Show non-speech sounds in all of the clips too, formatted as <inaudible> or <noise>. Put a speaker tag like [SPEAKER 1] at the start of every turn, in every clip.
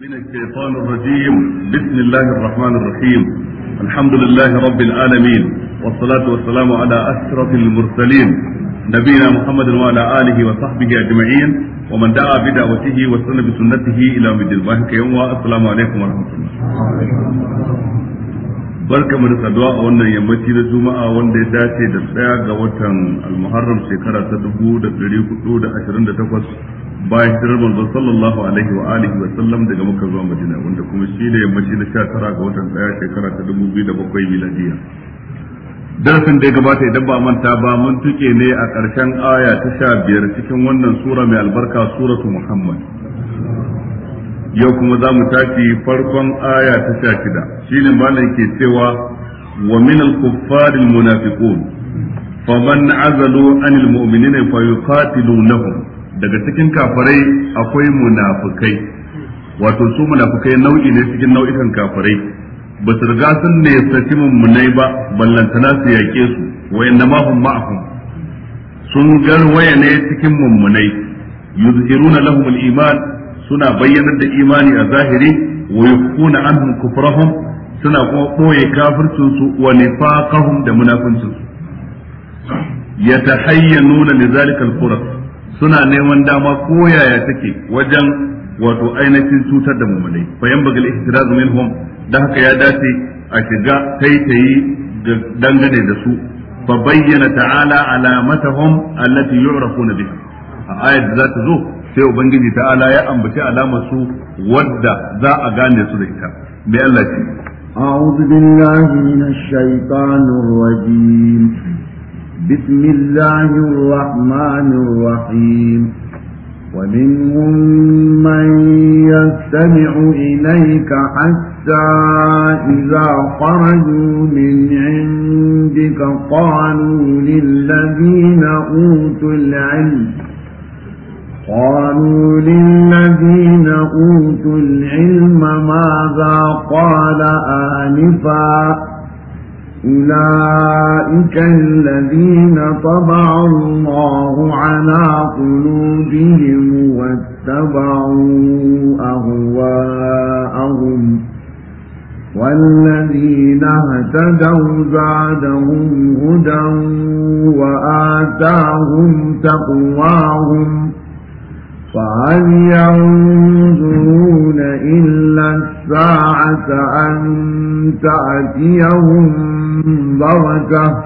[SPEAKER 1] من الشيطان الرجيم بسم الله الرحمن الرحيم الحمد لله رب العالمين والصلاة والسلام على أشرف المرسلين نبينا محمد وعلى آله وصحبه أجمعين ومن دعا بدعوته وسن بسنته إلى مجد الله كيوم السلام عليكم ورحمة الله barka mu da saduwa a wannan yammaci na juma'a wanda ya dace da tsaya ga watan almuharram shekara ta dubu da ɗari hudu da ashirin da takwas bayan shirar manzo sallallahu alaihi wa alihi wa sallam daga maka zuwa madina wanda kuma shi ne yammaci na sha tara ga watan tsaya shekara ta dubu biyu da bakwai miladiya darasin da ya gabata idan ba manta ba mun tuke ne a ƙarshen aya ta sha biyar cikin wannan sura mai albarka suratu muhammad yau kuma za mu tafi farkon aya ta sha shida shi ne malam ke cewa wa min al-kuffar Fa munafiqun na azalu an al-mu'minina fa yuqatilunahum daga cikin kafirai akwai munafikai wato su munafikai nau'i ne cikin nau'ikan kafirai ba su riga sun ne saki mummunai ba ballantana su yaƙe su wa na hum ma'ahum sun garwaya ne cikin mummunai yuzhiruna lahum al-iman suna bayyanar da imani a zahiri wa yakuna anhum kufrahum suna kuma boye kafircin su wa nifaqahum da munafincin su yatahayyanuna lidhalika alfurq suna neman dama ko yaya take wajen wato ainihin cutar da mumunai fa yan bagal ihtirazu minhum da haka ya dace a shiga taitayi dangane da su fa bayyana ta'ala alamatahum allati yu'rafuna biha a ayat zata zo sai ubangiji ta'ala ya ambaci alamar su wadda za a gane su da ita bi Allah ce
[SPEAKER 2] a'udhu billahi minash shaitanir rajim bismillahir rahmanir rahim ومنهم من يستمع إليك حتى إذا خرجوا من عندك قالوا للذين أوتوا العلم قالوا للذين أوتوا العلم ماذا قال آنفا أولئك الذين طبع الله على قلوبهم واتبعوا أهواءهم والذين اهتدوا زادهم هدى وآتاهم تقواهم فهل ينظرون إلا الساعة أن تأتيهم بركة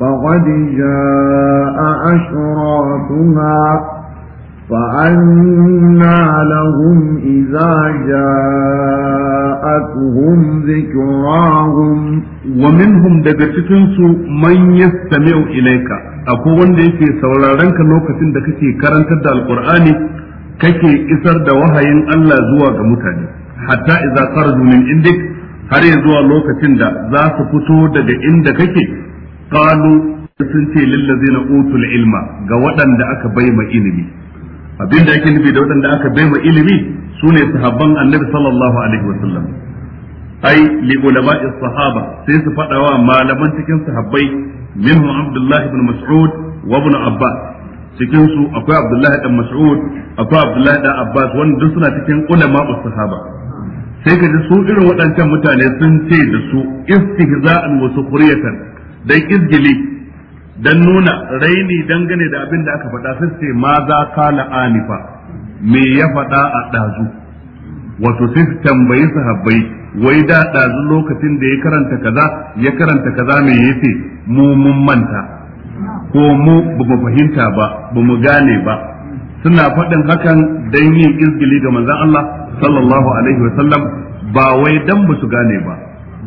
[SPEAKER 2] فقد جاء أشراطها فأنا لهم
[SPEAKER 1] إذا جاءتهم ذكراهم ومنهم دقتكنس من يستمع إليك أقول لك سولارنك نوكة دكتي كرنت القرآن kake isar da wahayin Allah zuwa ga mutane hatta idza kharaju min indik har ya zuwa lokacin da za su fito daga inda kake falo. sun ce lil ladzina utul ilma ga waɗanda aka bai ma ilimi abin da ake nufi da waɗanda aka baiwa ilimi su ne sahabban annabi sallallahu alaihi wa sallam ai li ulama'i sahaba sai su faɗawa malaman cikin sahabbai minhu abdullahi ibn mas'ud wa ibn abbas cikin su akwai abdullahi dan mas'ud akwai abdullahi dan abbas wanda duk suna cikin ulama'us sahaba sai ka ji su irin waɗancan mutane sun ce da su istihza'an wa sukhriyatan dan izgili dan nuna raini dangane da abin da aka faɗa sai ce ma za anifa me ya faɗa a ɗazu wato sai su tambayi sahabbai wai da ɗazu lokacin da ya karanta kaza ya karanta kaza me ya ce mu mun manta ko mu ba mu fahimta ba ba mu gane ba suna faɗin hakan dan yin izgili ga manzon Allah sallallahu alaihi wa sallam ba wai dan ba su gane ba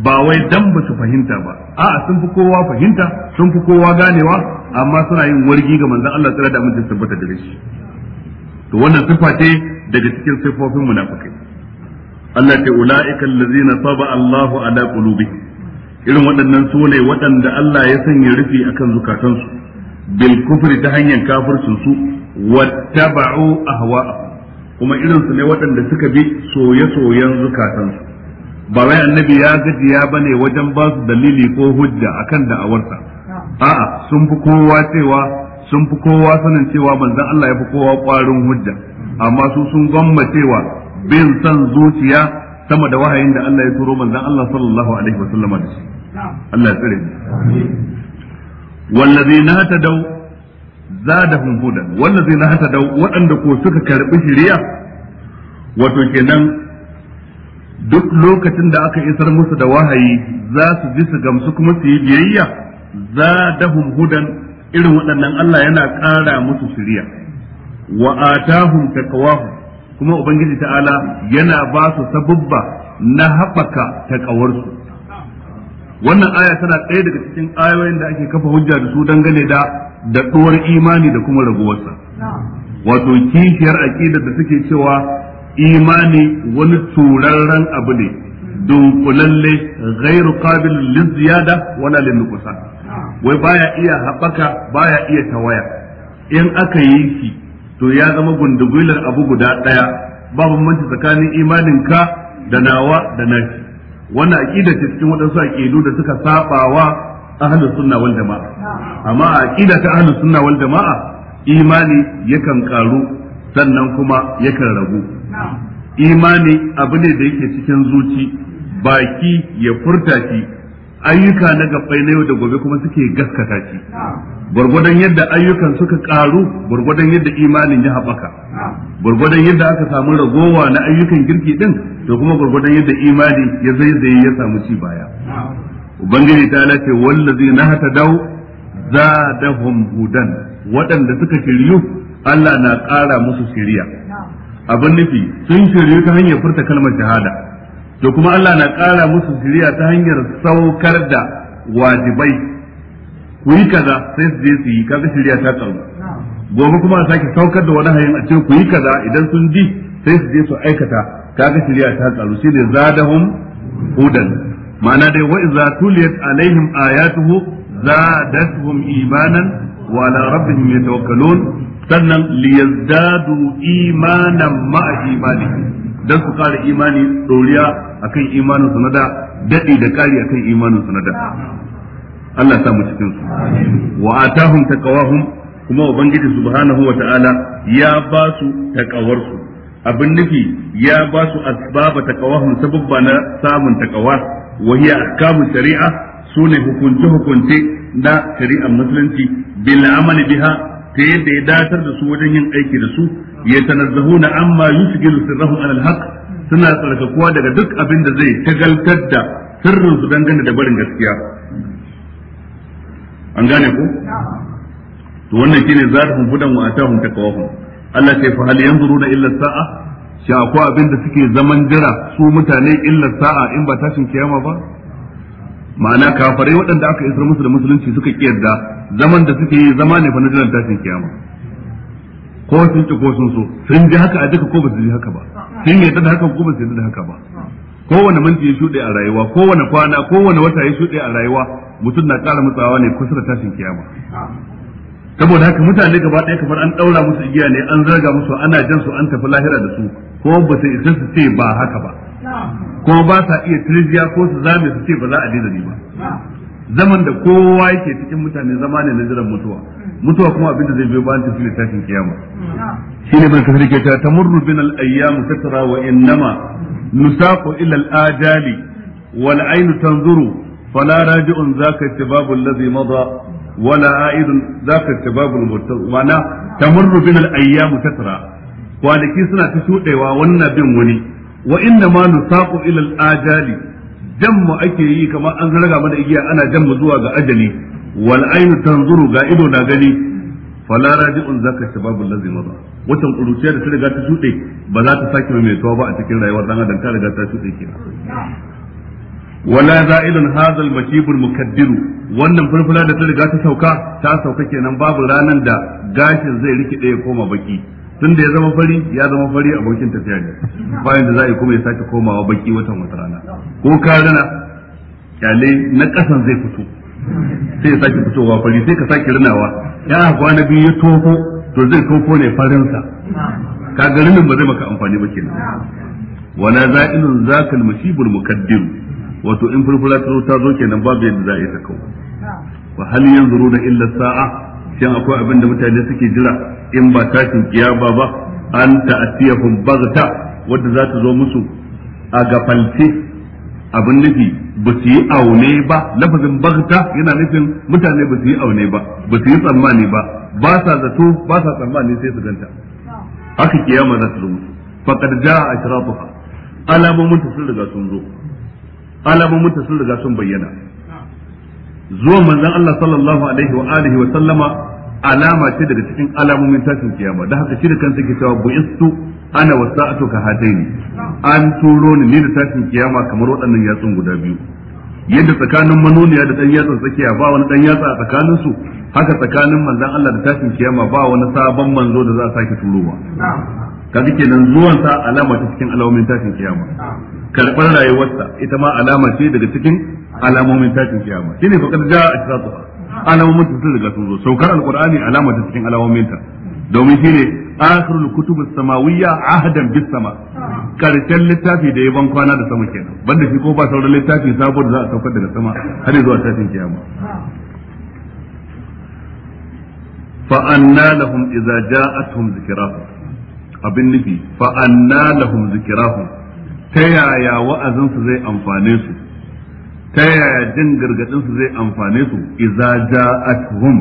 [SPEAKER 1] ba wai dan ba su fahimta ba a'a sun fi kowa fahimta sun fi kowa ganewa amma suna yin wargi ga manzon Allah tsira da amincin tabbata da shi to wannan sifa ce daga cikin sifofin munafikai Allah ta ula'ikal ladzina saba Allahu ala qulubihim irin waɗannan su ne waɗanda Allah ya sanya rufi akan zukatansu bil kufri ta hanyar kafircin su wattaba'u ahwa'ahum kuma irin su ne waɗanda suka bi soye-soyen zukatansu ba wai annabi ya gajiya bane wajen ba su dalili ko hujja akan da'awarsa a'a sun fi kowa cewa sun fi kowa sanin cewa manzon Allah ya fi kowa kwarin hujja amma su sun gwamma cewa bin san zuciya sama da wahayin da Allah ya turo manzon Allah sallallahu alaihi wa sallama da shi Allah ya tsare wallazina hatadaw zadahum hudan wallazina dau, waɗanda ko suka karbi shiriya wato kenan duk lokacin da aka isar musu da wahayi za su ji su gamsu kuma su yi biyayya za dahum hudan irin waɗannan Allah yana ƙara musu shirya wa atahum kuma ubangiji ta'ala yana ba su sabubba na haɓaka taqawarsu wannan aya tana ɗaya daga cikin ayoyin da ake kafa hujja da su dangane da da imani da kuma raguwarsa wato kishiyar aqidar da suke cewa imani wani turarren abu ne dunkulalle gairu qabil liziyada wala linnuqsa wai baya iya haɓaka baya iya tawaya in aka yi shi to ya zama gundugular abu guda ɗaya babu bambanci tsakanin imanin ka da nawa da nashi wannan aqida ce cikin waɗansu aqidu da suka sabawa ahlus sunna wal jama'a amma aqida ta ahlus sunna wal jama'a imani yakan karu sannan kuma yakan rabu. imani abu ne da yake cikin zuci baki ya furta shi ayyuka na gabbai na yau da gobe kuma suke gaskata shi gwargwadon yadda ayyukan suka karu gwargwadon yadda imanin ya haɓaka gwargwadon yadda aka samu ragowa na ayyukan girki din to kuma gwargwadon yadda imani ya zaizaye ya samu ci baya ubangiji ta lace wallazi na hata dau zadahum hudan waɗanda suka shiryu Allah na ƙara musu shiriya abin nufi sun shiryu ta hanyar furta kalmar shahada to kuma Allah na ƙara musu shiriya ta hanyar saukar da wajibai ku yi kaza sai su je su yi kaga shiriya ta karu gobe kuma a sake saukar da wani hanyar a ce ku yi kaza idan sun ji sai su je su aikata kaga shiriya ta karu shine zadahum hudan ma'ana dai wa iza tuliyat alaihim ayatuhu zadatuhum imanan wa ala rabbihim yatawakkalun sannan liyazdadu imanan ma'a imani dan su kara imani doriya akan imanin su na da dadi da kari akan imanin su na da Allah ta mu cikin su wa atahum taqawahum kuma ubangiji subhanahu wa ta'ala ya ba su taqawar abin nufi ya ba su asbaba taqawahum sababba na samun taqawa wa hiya ahkamu shari'a sune hukunce hukunce na shari'ar musulunci bil amali biha ta yadda ya datar da su wajen yin aiki da su ya tanazzahuna amma yusgilu sirrahu anan, haqq suna tsarkakuwa daga duk abin da zai tagaltar da sirrin su dangane da barin gaskiya an gane ku? to wannan shine zarhum hudan wa kawo hun Allah ta fa hal na illa sa'a sha abin da suke zaman jira su mutane illar sa'a in ba tashin kiyama ba ma'ana kafirai waɗanda aka isar musu da musulunci suka ƙi yadda zaman da suke yi zama ne fannin jiran tashin kiyama ko sun ci ko sun so sun ji haka a duka ko ba su ji haka ba sun yarda da haka ko ba su yarda da haka ba kowane minti ya shuɗe a rayuwa kowane kwana kowane wata ya shuɗe a rayuwa mutum na ƙara matsawa ne kusa da tashin kiyama saboda haka mutane gaba ɗaya kamar an ɗaura musu igiya ne an zarga musu ana jan su an tafi lahira da su ko ba su isa su ce ba haka
[SPEAKER 3] ba
[SPEAKER 1] kuma ba sa iya tirjiya ko su zame su ce ba za a daina ni ba zaman da kowa yake cikin mutane zama ne na jiran mutuwa mutuwa kuma abinda zai biyo bayan tafiya tashin kiyama Shi ne kasar ke ta tamurru bin al ayyam katara wa innama nusaqu ila al ajali wal ayn tanzuru fala raji'un zaka tibabu alladhi madha wala aidun zaka tibabu al muttaq mana tamurru bin al tattara, kwanaki suna ta shudewa wannan bin wani wa inna ma nusaqu ila al-ajali jammu ake yi kamar an zarga mana igiya ana jammu zuwa ga ajali wal ainu tanzuru ga ido na gani fala raji'un zaka shababu allazi mada watan kuruciya da ta riga ta shuɗe ba za ta sake mai tuwa ba a cikin rayuwar dan adam ta riga ta shuɗe kenan wala za'ilun hadha al-mashib al-mukaddir wannan furfura da ta riga ta sauka ta sauka kenan babu ranan da gashin zai rikide ya koma baki tun da ya zama fari ya zama fari abokin tafiya ne bayan da za a yi kuma ya sake komawa baki watan wata rana ko ka rana kyale na kasan zai fito sai ya sake fitowa fari sai ka sake rinawa ya kwana biyu ya toho to zai toho ne farinsa ka ga rinin ba zai maka amfani ba kenan wala za'ilun zakal musibul mukaddir wato in furfura ta zo kenan babu yadda za a yi ta kawo wa hal yanzuruna illa sa'a shin akwai abin da mutane suke jira in ba tashin kiyama ba an ta'atiyahum baghta wanda za ta zo musu a gafalce abin nufi ba su yi aune ba lafazin baghta yana nufin mutane ba su yi aune ba ba su yi tsammani ba ba sa zato ba sa tsammani sai su ganta haka kiyama za ta zo musu faqad jaa ashratuha alamomin ta sun riga sun zo alamomin ta sun riga sun bayyana zuwan manzon Allah sallallahu alaihi wa alihi wa sallama alama ce daga cikin alamomin tashin kiyama dan haka shi da kansa ke cewa buistu ana wasa'atu ka hadaini an turo ni ne da tashin kiyama kamar waɗannan yatsun guda biyu yadda tsakanin manoniya da dan yatsan tsakiya ba wani dan yatsa a tsakanin su haka tsakanin manzon Allah da tashin kiyama ba wani sabon manzo da za a sake turowa kaga kenan zuwan sa alama ta cikin alamomin tashin kiyama karɓar rayuwarsa ita ma alama ce daga cikin alamomin tashin kiyama shine fa kada a tsatsuwa alamomin sun riga sun zo saukar alqur'ani alama ta cikin alamomin ta domin shine akhirul kutub samawiyya ahadan bis sama karshen littafi da ya ban kwana da sama kenan banda shi ko ba sauran littafi sabo da za a saukar daga sama har zuwa tashin kiyama fa anna lahum idza ja'atuhum zikrahum abin nufi fa anna lahum zikrahum ta yaya wa'azinsu zai amfane su ta yaya jin gargadinsu zai amfane su idza ja'atuhum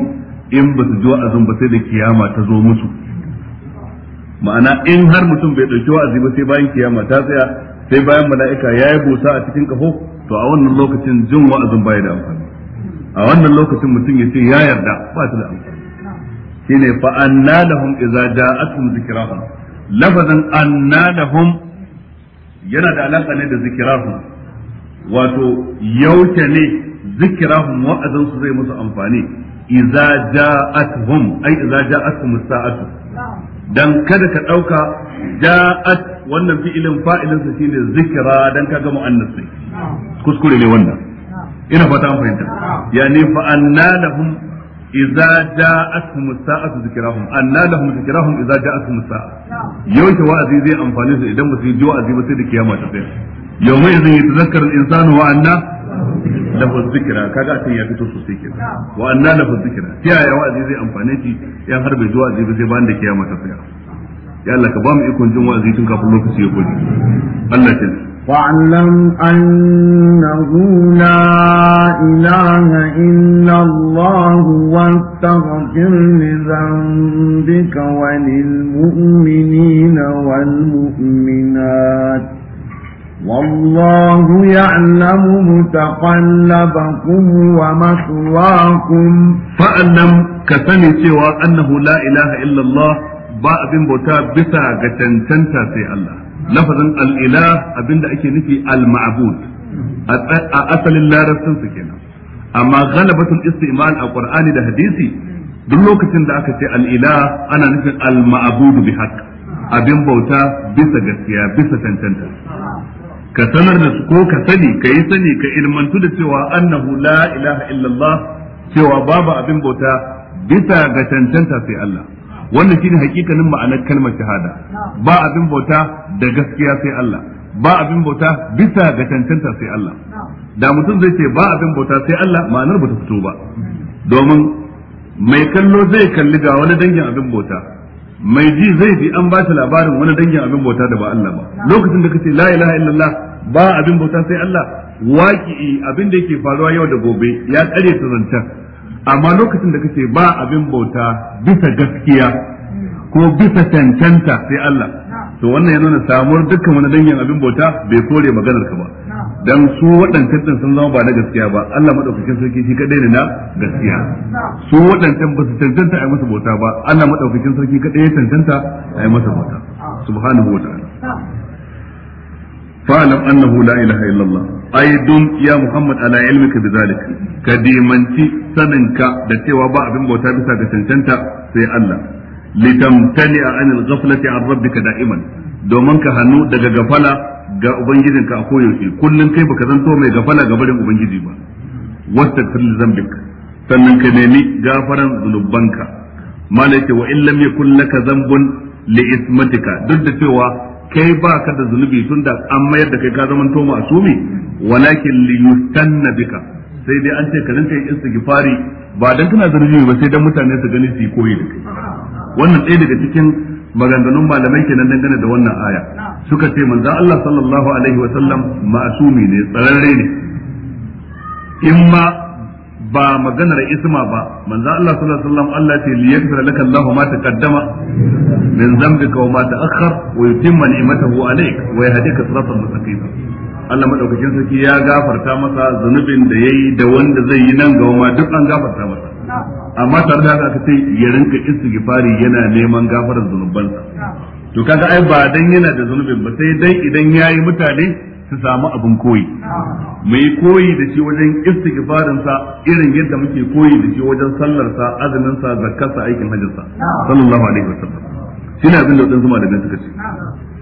[SPEAKER 1] in ba su ji wa'azin ba sai da kiyama ta zo musu ma'ana in har mutum bai ɗauki wa'azi ba sai bayan kiyama ta tsaya sai bayan mala'ika ya yi busa a cikin kafo to a wannan lokacin jin wa'azin baya da amfani a wannan lokacin mutum ya ce ya yarda ba ta da amfani shine fa anna lahum idza ja'atuhum zikrahum lafazan anna lahum yana da alaka ne da zikirahum wato yauke ne zikirahum wa'azin su zai musu amfani idza ja'atuhum ai idza ja'atuhum sa'atu dan kada ka dauka ja'at wannan fi'ilin fa'ilin sa shine zikira dan kaga mu'annas sai. kuskure ne wannan
[SPEAKER 3] ina fata an fahimta
[SPEAKER 1] yani idza ja'atuhum sa'atu zikrahum anna lahum zikrahum idza ja'atuhum sa'a yaushe wa'azi zai amfane su idan ba su yi wa'azi ba sai da kiyama ta tsaya yawma idza yatazakkaru al-insanu wa anna lahu zikra kaga a ya fito sosai kenan wa anna lahu zikra ta wa'azi zai amfane shi yan har bai ji ba sai bayan da kiyama ta tsaya ya Allah ka ba mu ikon jin wa'azi tun kafin lokaci ya gudu Allah ce wa'alam annahu la
[SPEAKER 2] ilaha illa Allah wa astaghfir li dhanbika wa lil mu'minina wal mu'minat والله يعلم متقلبكم
[SPEAKER 1] ومثواكم فألم كسمي سوى أنه لا إله إلا الله ba abin bauta bisa ga cancanta sai Allah lafazin al-ilah abinda ake nufi al-ma'bud a asalin larabcin su kenan amma galabatul istimal a qur'ani da hadisi duk lokacin da aka ce al ana nufin al-ma'bud bi haqq abin bauta bisa gaskiya bisa cancanta ka sanar da su ko ka sani ka yi sani ka ilmantu da cewa annahu la ilaha illallah cewa babu abin bauta bisa ga cancanta sai Allah wannan shine hakikanin ma'anar kalmar shahada ba abin bauta da gaskiya sai Allah ba abin bauta bisa ga tantanta sai Allah da mutum zai ce ba abin bauta sai Allah ma'anar ba ta fito ba domin mai kallo zai kalli ga wani dangin abin bauta mai ji zai ji an ba shi labarin wani dangin abin bauta da ba Allah ba lokacin da kace la ilaha illallah ba abin bauta sai Allah waƙi abin da yake faruwa yau da gobe ya kare ta zancan amma lokacin da kace ba abin bauta bisa gaskiya ko bisa cancanta sai Allah to wannan ya nuna samuwar dukkan wani danyen abin bauta bai kore maganar ka ba dan su waɗancan din sun zama ba na gaskiya ba Allah madaukakin sarki shi kadai ne na gaskiya su waɗancan ba su cancanta a masa bauta ba Allah madaukakin sarki kadai ya cancanta a masa bauta subhanahu wa ta'ala fa'lam annahu la ilaha illallah aidun ya Muhammad ala ilmika bi zalik ka dimanci saninka da cewa ba abin bauta bisa ga cancanta sai Allah litamtani a al-ghaflati an rabbika da'iman domin ka hannu daga gafala ga ubangijinka a koyaushe kullum kai baka zanto mai gafala ga barin ubangiji ba wastaghfir li dhanbik sannan ka nemi gafaran zunubanka malaka wa in lam yakul laka dhanbun li ismatika duk da cewa kai ba ka da zunubi tun da an mayar da kai ka zama to masumi walakin li yustanna bika sai dai an ce ka rinka yin istighfari ba dan kana zunubi ba sai dan mutane su gani su koyi da kai wannan ɗaya daga cikin maganganun malamai kenan dangane da wannan aya suka ce manzo Allah sallallahu alaihi wa sallam ma'sumi ne tsararre ne in ma ba maganar isma ba manzo Allah sallallahu alaihi wasallam Allah ce li laka Allahu ma taqaddama min dhanbika wa ma ta'akhkhar wa yutimma ni'matahu alayk wa yahdika siratan mustaqim Allah madaukakin sarki ya gafarta masa zunubin da yayi da wanda zai yi nan gaba ma duk an gafarta masa amma tare da haka sai ya rinka istighfari yana neman gafarar zanubansa to kaga ai ba dan yana da zunubin ba sai dai idan yayi mutane su samu abin koyi Mai koyi da shi wajen istighfarin sa irin yadda muke koyi da shi wajen sallar sa azumin sa zakkar sa aikin hajjin sa sallallahu alaihi wasallam shine abin da wadansu malaman suka ce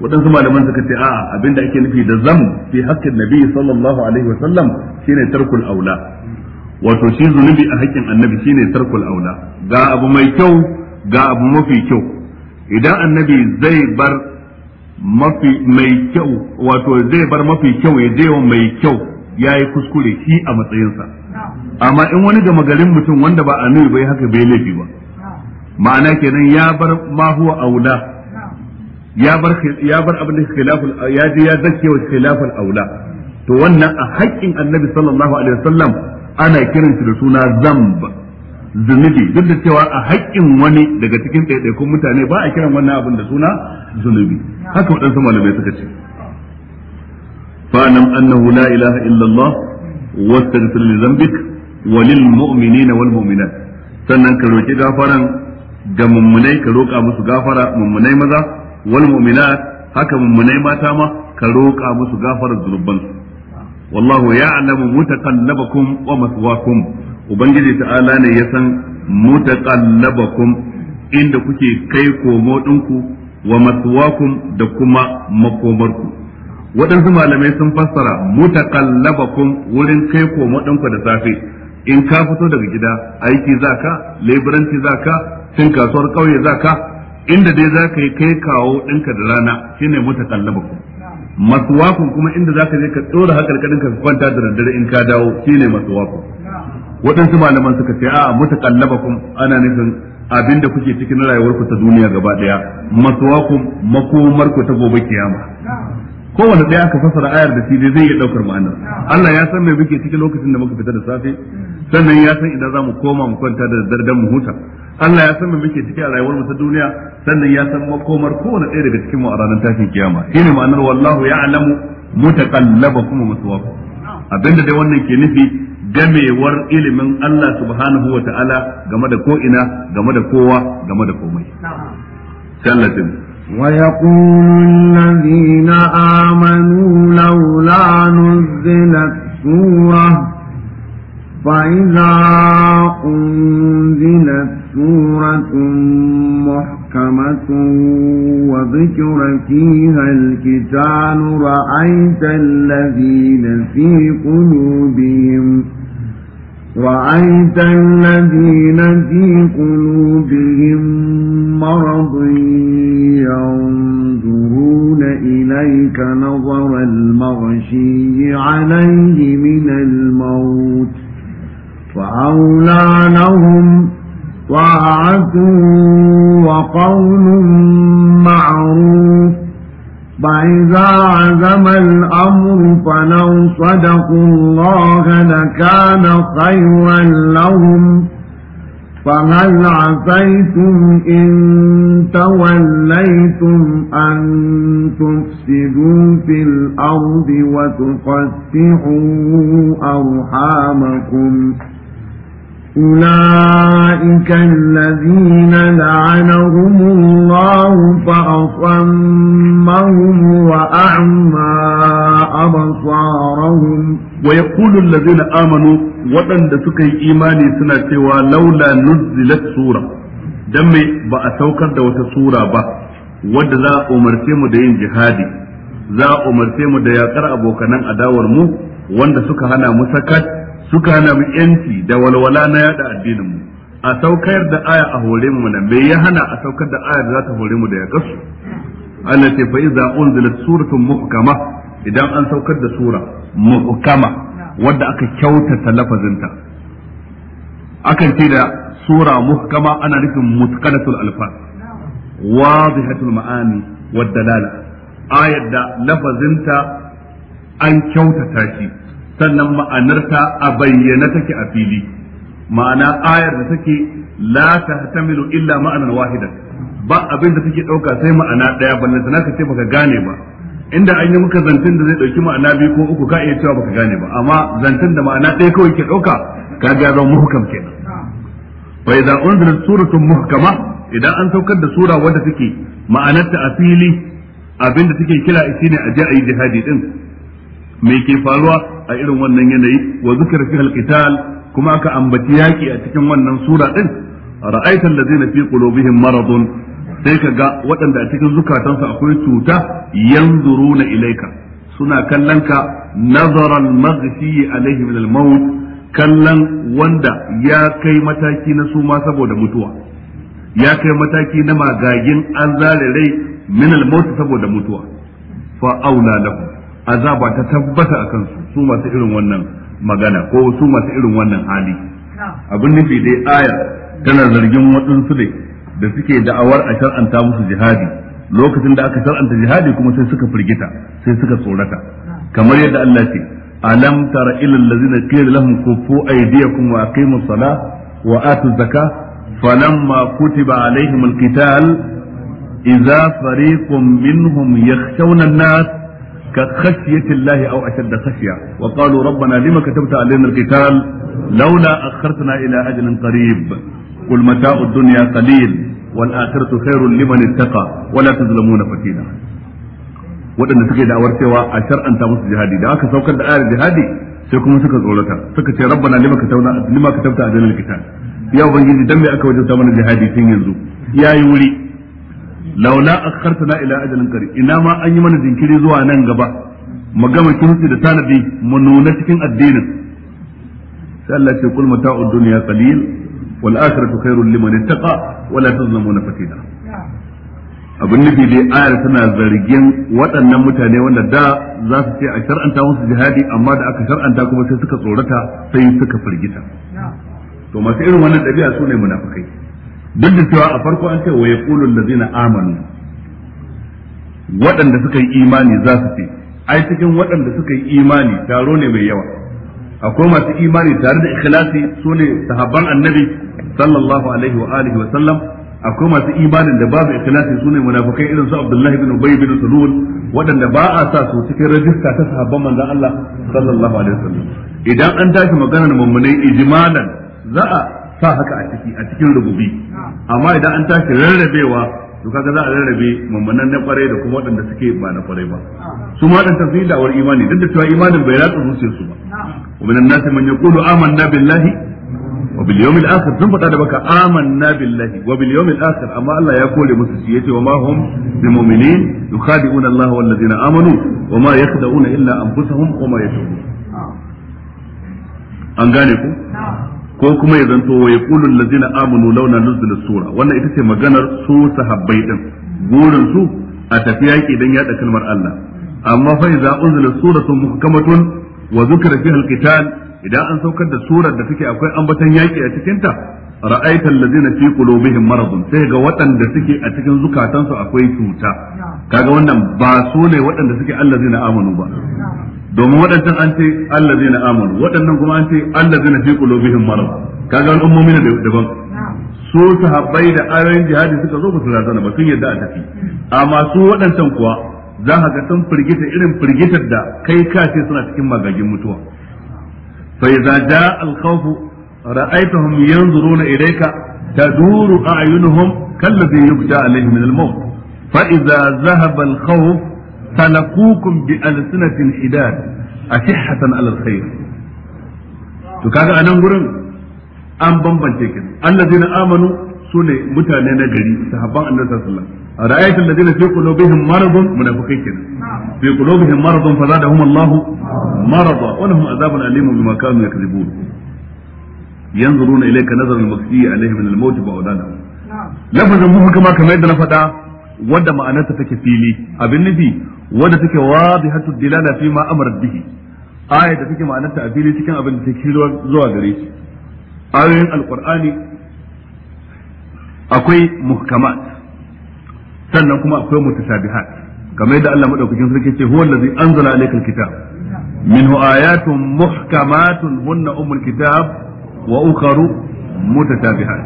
[SPEAKER 1] wadansu malaman suka ce a'a abin da ake nufi da zam fi haqqin nabi sallallahu alaihi wasallam shine tarkul aula wato shi zunubi a haƙƙin annabi shine tarkul aula ga abu mai kyau ga abu mafi kyau idan annabi zai bar mafi mai kyau wato zai bar mafi kyau ya je mai kyau ya yi kuskure shi a matsayinsa amma in wani gama garin mutum wanda ba a annabi bai haka bai laifi ba ma'ana kenan ya bar mahuwa a wula, ya bar ya bar abin da khilaful ya je ya zake wa khilaful aula to wannan a haƙƙin annabi sallallahu alaihi wasallam ana kiran shi da suna zamba zunubi duk da cewa a haƙƙin wani daga cikin ɗaiɗaikun mutane ba a kiran wannan abin da suna zunubi haka waɗansu malamai suka ce fa'anam annahu la ilaha illallah wastaghfir li dhanbik wa lil mu'minina wal mu'minat sannan ka roki gafaran ga mummunai ka roka musu gafara mummunai maza wal mu'minat haka mummunai mata ma ka roka musu gafara zunubansu wallahu ya'lamu mutaqallabakum wa maswaakum ubangiji ta'ala ne ya san mutaqallabakum inda kuke kai komo dinku wa matwakum da kuma makomarku waɗansu malamai sun fassara mutaqallabakum wurin kai komo dinku da safe in ka fito daga gida aiki zaka leburanci zaka cin kasuwar kauye zaka inda dai zaka yi kai kawo ɗinka da rana shine mutaqallabakum masuwakun kuma inda zaka je ka tsora hakalkarin ka kwanta da daddare in ka dawo shine masuwakun waɗansu malaman suka ce a kun ana nufin abinda kuke cikin rayuwar ku ta duniya gaba daya maswakum makomar ku ta gobe kiyama kowanne ɗaya aka fassara ayar da shi zai iya ɗaukar ma'anar Allah ya san me muke cikin lokacin da muka fita da safe sannan ya san idan za mu koma mu kwanta da dardan mu huta Allah ya san me muke ciki a rayuwar mu ta duniya sannan ya san makomar kowanne ɗaya daga cikin mu a ranar tashin kiyama shine ma'anar wallahu ya'lamu mutaqallabakum kuma maswaakum abinda dai wannan ke nufi gamewar ilimin Allah subhanahu wa ta'ala game da ko'ina game da kowa game da komai sallatin
[SPEAKER 2] ويقول الذين آمنوا لولا نزلت سورة فإذا أنزلت سورة محكمة وذكر فيها الكتاب رأيت الذين في قلوبهم وعيت الذين في قلوبهم مرض ينظرون إليك نظر المغشي عليه من الموت فأولى لهم طاعة وقول معروف فإذا عزم الأمر فلو صدقوا الله لكان خيرا لهم فهل عسيتم إن توليتم أن تفسدوا في الأرض وتفسحوا أرحامكم ؟ أولئك الذين لعنهم الله فأصمهم وأعمى
[SPEAKER 1] أبصارهم ويقول الذين آمنوا وطن دسكي إيماني سنة سوى لولا نزلت سورة دمي بأتوكر دوت سورة با wadda za a umarce mu da yin jihadi za a umarce mu da yakar abokanan adawar mu wanda suka suka hana mu yanci da walwala na yada addinin mu a saukar da aya a hore mu nan me ya hana a saukar da aya da za ta hore mu da ya kasu Allah ce fa iza unzilat suratun muhkama idan an saukar da sura muhkama wadda aka kyautata lafazinta akan ce da sura muhkama ana nufin mutqanatul alfaz wadihatul ma'ani wad dalala ayat da lafazinta an kyautata shi sannan ma'anarta a bayyana take a fili ma'ana ayar da take la tamilu illa ma'anan wahida ba abin da take dauka sai ma'ana daya ba sana ka ce baka gane ba inda an yi muka zantin da zai dauki ma'ana biyu ko uku ka iya cewa baka gane ba amma zantin da ma'ana daya kawai ke dauka ka ga zan muhkam ke fa an unzilat suratun muhkama idan an saukar da sura wanda take ma'anarta a fili abin da take kira shine a ayi jihadi din me ke faruwa a irin wannan yanayi wa zikra fi qital kuma aka ambaci yaki a cikin wannan sura din ra'aita allazina fi qulubihim maradun sai ka ga waɗanda a cikin zukatansu akwai cuta yanzuruna ilaika suna kallon ka nazaral maghshi alaihi min almaut kallon wanda ya kai mataki na suma saboda mutuwa ya kai mataki na magagin an zare rai min almaut saboda mutuwa fa aula lahu azaba ta tabbata a kansu su masu irin wannan magana ko su masu irin wannan hali abin nufi dai aya tana zargin waɗansu ne da suke da'awar a shar'anta musu jihadi lokacin da aka shar'anta jihadi kuma sai suka firgita sai suka tsorata kamar yadda Allah ce alam tara ila allazina qila lahum kuffu aydiyakum wa aqimus salah wa atu zakah falamma kutiba alaihim alqital idza fariqun minhum yakhshawna an-nas كخشية الله أو أشد خشية وقالوا ربنا لما كتبت علينا القتال لولا أخرتنا إلى أجل قريب قل متاع الدنيا قليل والآخرة خير لمن اتقى ولا تظلمون فتيلا waɗanda suke da'awar cewa a shar'anta musu jihadi da aka saukar da ayar jihadi sai kuma suka tsorata suka ce rabbana lima katabna lima katabta ajalal qital ya ubangiji dan me aka wajabta mana jihadi tun yanzu yayi wuri laula akhartana ila ajalin qarib ina ma an yi mana jinkiri zuwa nan gaba mu gama kinsu da tanadi mu nuna cikin addinin sai Allah ce kul mata'ud dunya qalil wal akhiratu khairul liman ittaqa wala tuzlamuna fatida abin nufi dai ayar tana zargin waɗannan mutane wanda da za su ce a shar'anta musu jihadi amma da aka shar'anta kuma sai suka tsorata sai suka firgita to masu irin wannan ɗabi'a su ne munafikai duk da cewa a farko an ce wa da zina amanu waɗanda suka yi imani za su fi. ai cikin waɗanda suka yi imani taro ne mai yawa akwai masu imani tare da ikhlasi su ne sahabban annabi sallallahu alaihi wa alihi wa sallam akwai masu imanin da babu ikhlasi su ne munafikai irin su Abdullahi bin Ubay bin Salul waɗanda ba a sa su cikin rajista ta sahabban manzon Allah sallallahu alaihi wa sallam idan an tashi maganar mummunai ijmalan za a sa haka a ciki a cikin rububi amma idan an tashi rarrabewa to kaga za a rarrabe mummunan na kwarai da kuma waɗanda suke ba na kwarai ba su ma dan tafsiri da imani duk da cewa imanin bai ratsa zuciyar su ba wa minan nasi man yaqulu amanna billahi wa bil yawmil akhir sun faɗa da baka amanna billahi wa bil yawmil akhir amma Allah ya kore musu shi yace wa ma hum bi mu'minin yukhadi'una Allah wal ladina amanu wa ma yakhda'una illa anfusahum wa ma yashurun an gane ku ko kuma ya zanto wa yaqulu allazina amanu launa nuzila sura wannan ita ce maganar su sahabbai din gurin su a tafi yaki dan yada kalmar Allah amma fa idza unzila suratun muhkamatun wa zukira fiha alqital idan an saukar da surar da take akwai ambatan yaki a cikin ta ra'aita allazina fi qulubihim maradun sai ga waɗanda suke a cikin zukatansu akwai cuta kaga wannan ba su ne waɗanda suke allazina amanu ba domin waɗancan an ce Allah zai na amanu waɗannan kuma an ce Allah zai na fi kulubihim marar kaga al'ummomi na daban su haɓai da ayoyin jihadi suka zo su razana ba sun yadda a tafi amma su waɗancan kuwa za ka ga sun firgita irin firgitar da kai ka ce suna cikin magagin mutuwa fa idza jaa al-khawf ra'aytahum yanzuruna ilayka taduru a'yunuhum kalladhi yubda alayhi min al-maut fa idza dhahaba al-khawf talaqukum bi alsinatin hidad ashihatan alal khair to kaga anan gurin an bambance kin allazina amanu sune mutane na gari sahabban annabi sallallahu alaihi الذين في قلوبهم مرض منافقين في قلوبهم مرض فزادهم الله مرضا ولهم عذاب أليم بما كانوا يكذبون ينظرون إليك نظر المكسي عليه من الموت وأولادهم لفظ المهم كما كما يدنا فدا wadda ma'anarta take fili abin nufi wanda take wadihatu dilala fi ma amara bihi aya da take ma'anarta a fili cikin abin da take kiro zuwa gare shi ayoyin alqur'ani akwai muhkamat sannan kuma akwai mutashabihat kamar yadda Allah madaukakin sarki ce huwa allazi anzala alaykal kitab minhu ayatun muhkamatun hunna ummul kitab wa ukharu mutashabihat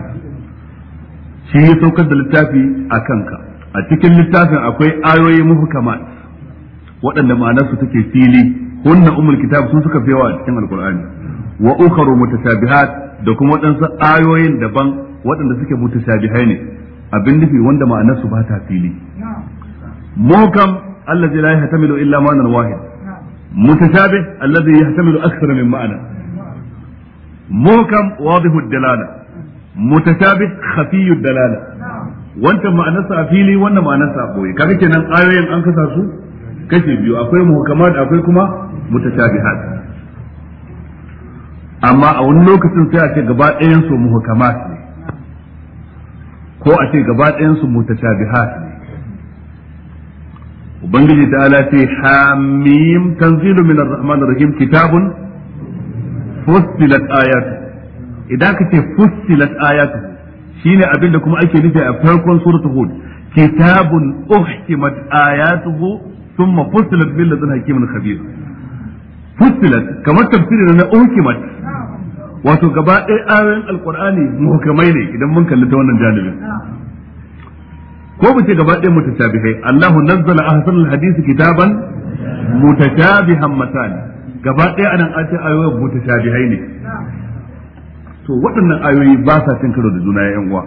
[SPEAKER 1] shi ya saukar da littafi a kanka a cikin littafin akwai ayoyi muhkamat waɗanda ma'anarsu take fili hunna ummul kitab sun suka fi yawa a cikin alqur'ani wa ukharu mutashabihat da kuma waɗansu ayoyin daban waɗanda suke mutashabihai ne abin nufi wanda ma'anarsu ba ta fili muhkam allazi la yahtamilu illa ma'anan wahid mutashabih allazi yahtamilu akthara min ma'ana muhkam wadihu ad-dalala mutashabih khafiyu ad-dalala wancan ma'anarsa a fili wannan ma'anarsa a boye kaga kenan ayoyin an kasa su kashi biyu akwai muhkamat akwai kuma mutashabihat amma a wani lokacin sai a ce gaba ɗayan su muhkamat ne ko a ce gaba ɗayan su mutashabihat ne ubangiji ta'ala ce hamim tanzilu min ar-rahmanir rahim kitabun Fustilat ayatu idan ka ce fussilat ayatu shine abinda kuma ake nufi a farkon suratul hud kitabun uhkimat ayatuhu thumma fusilat bil ladun hakimin khabir fusilat kamar tafsiri na ukimat wato gaba ɗaya ayoyin alqur'ani muhkamai ne idan mun kalli ta wannan janibin ko mu ce gaba ɗaya mutashabihai Allahu nazzala ahsanal hadisi kitaban mutashabihan matan gaba ɗaya anan an ce ayoyin mutashabihai ne to waɗannan ayoyi ba sa cin karo da juna ya uwa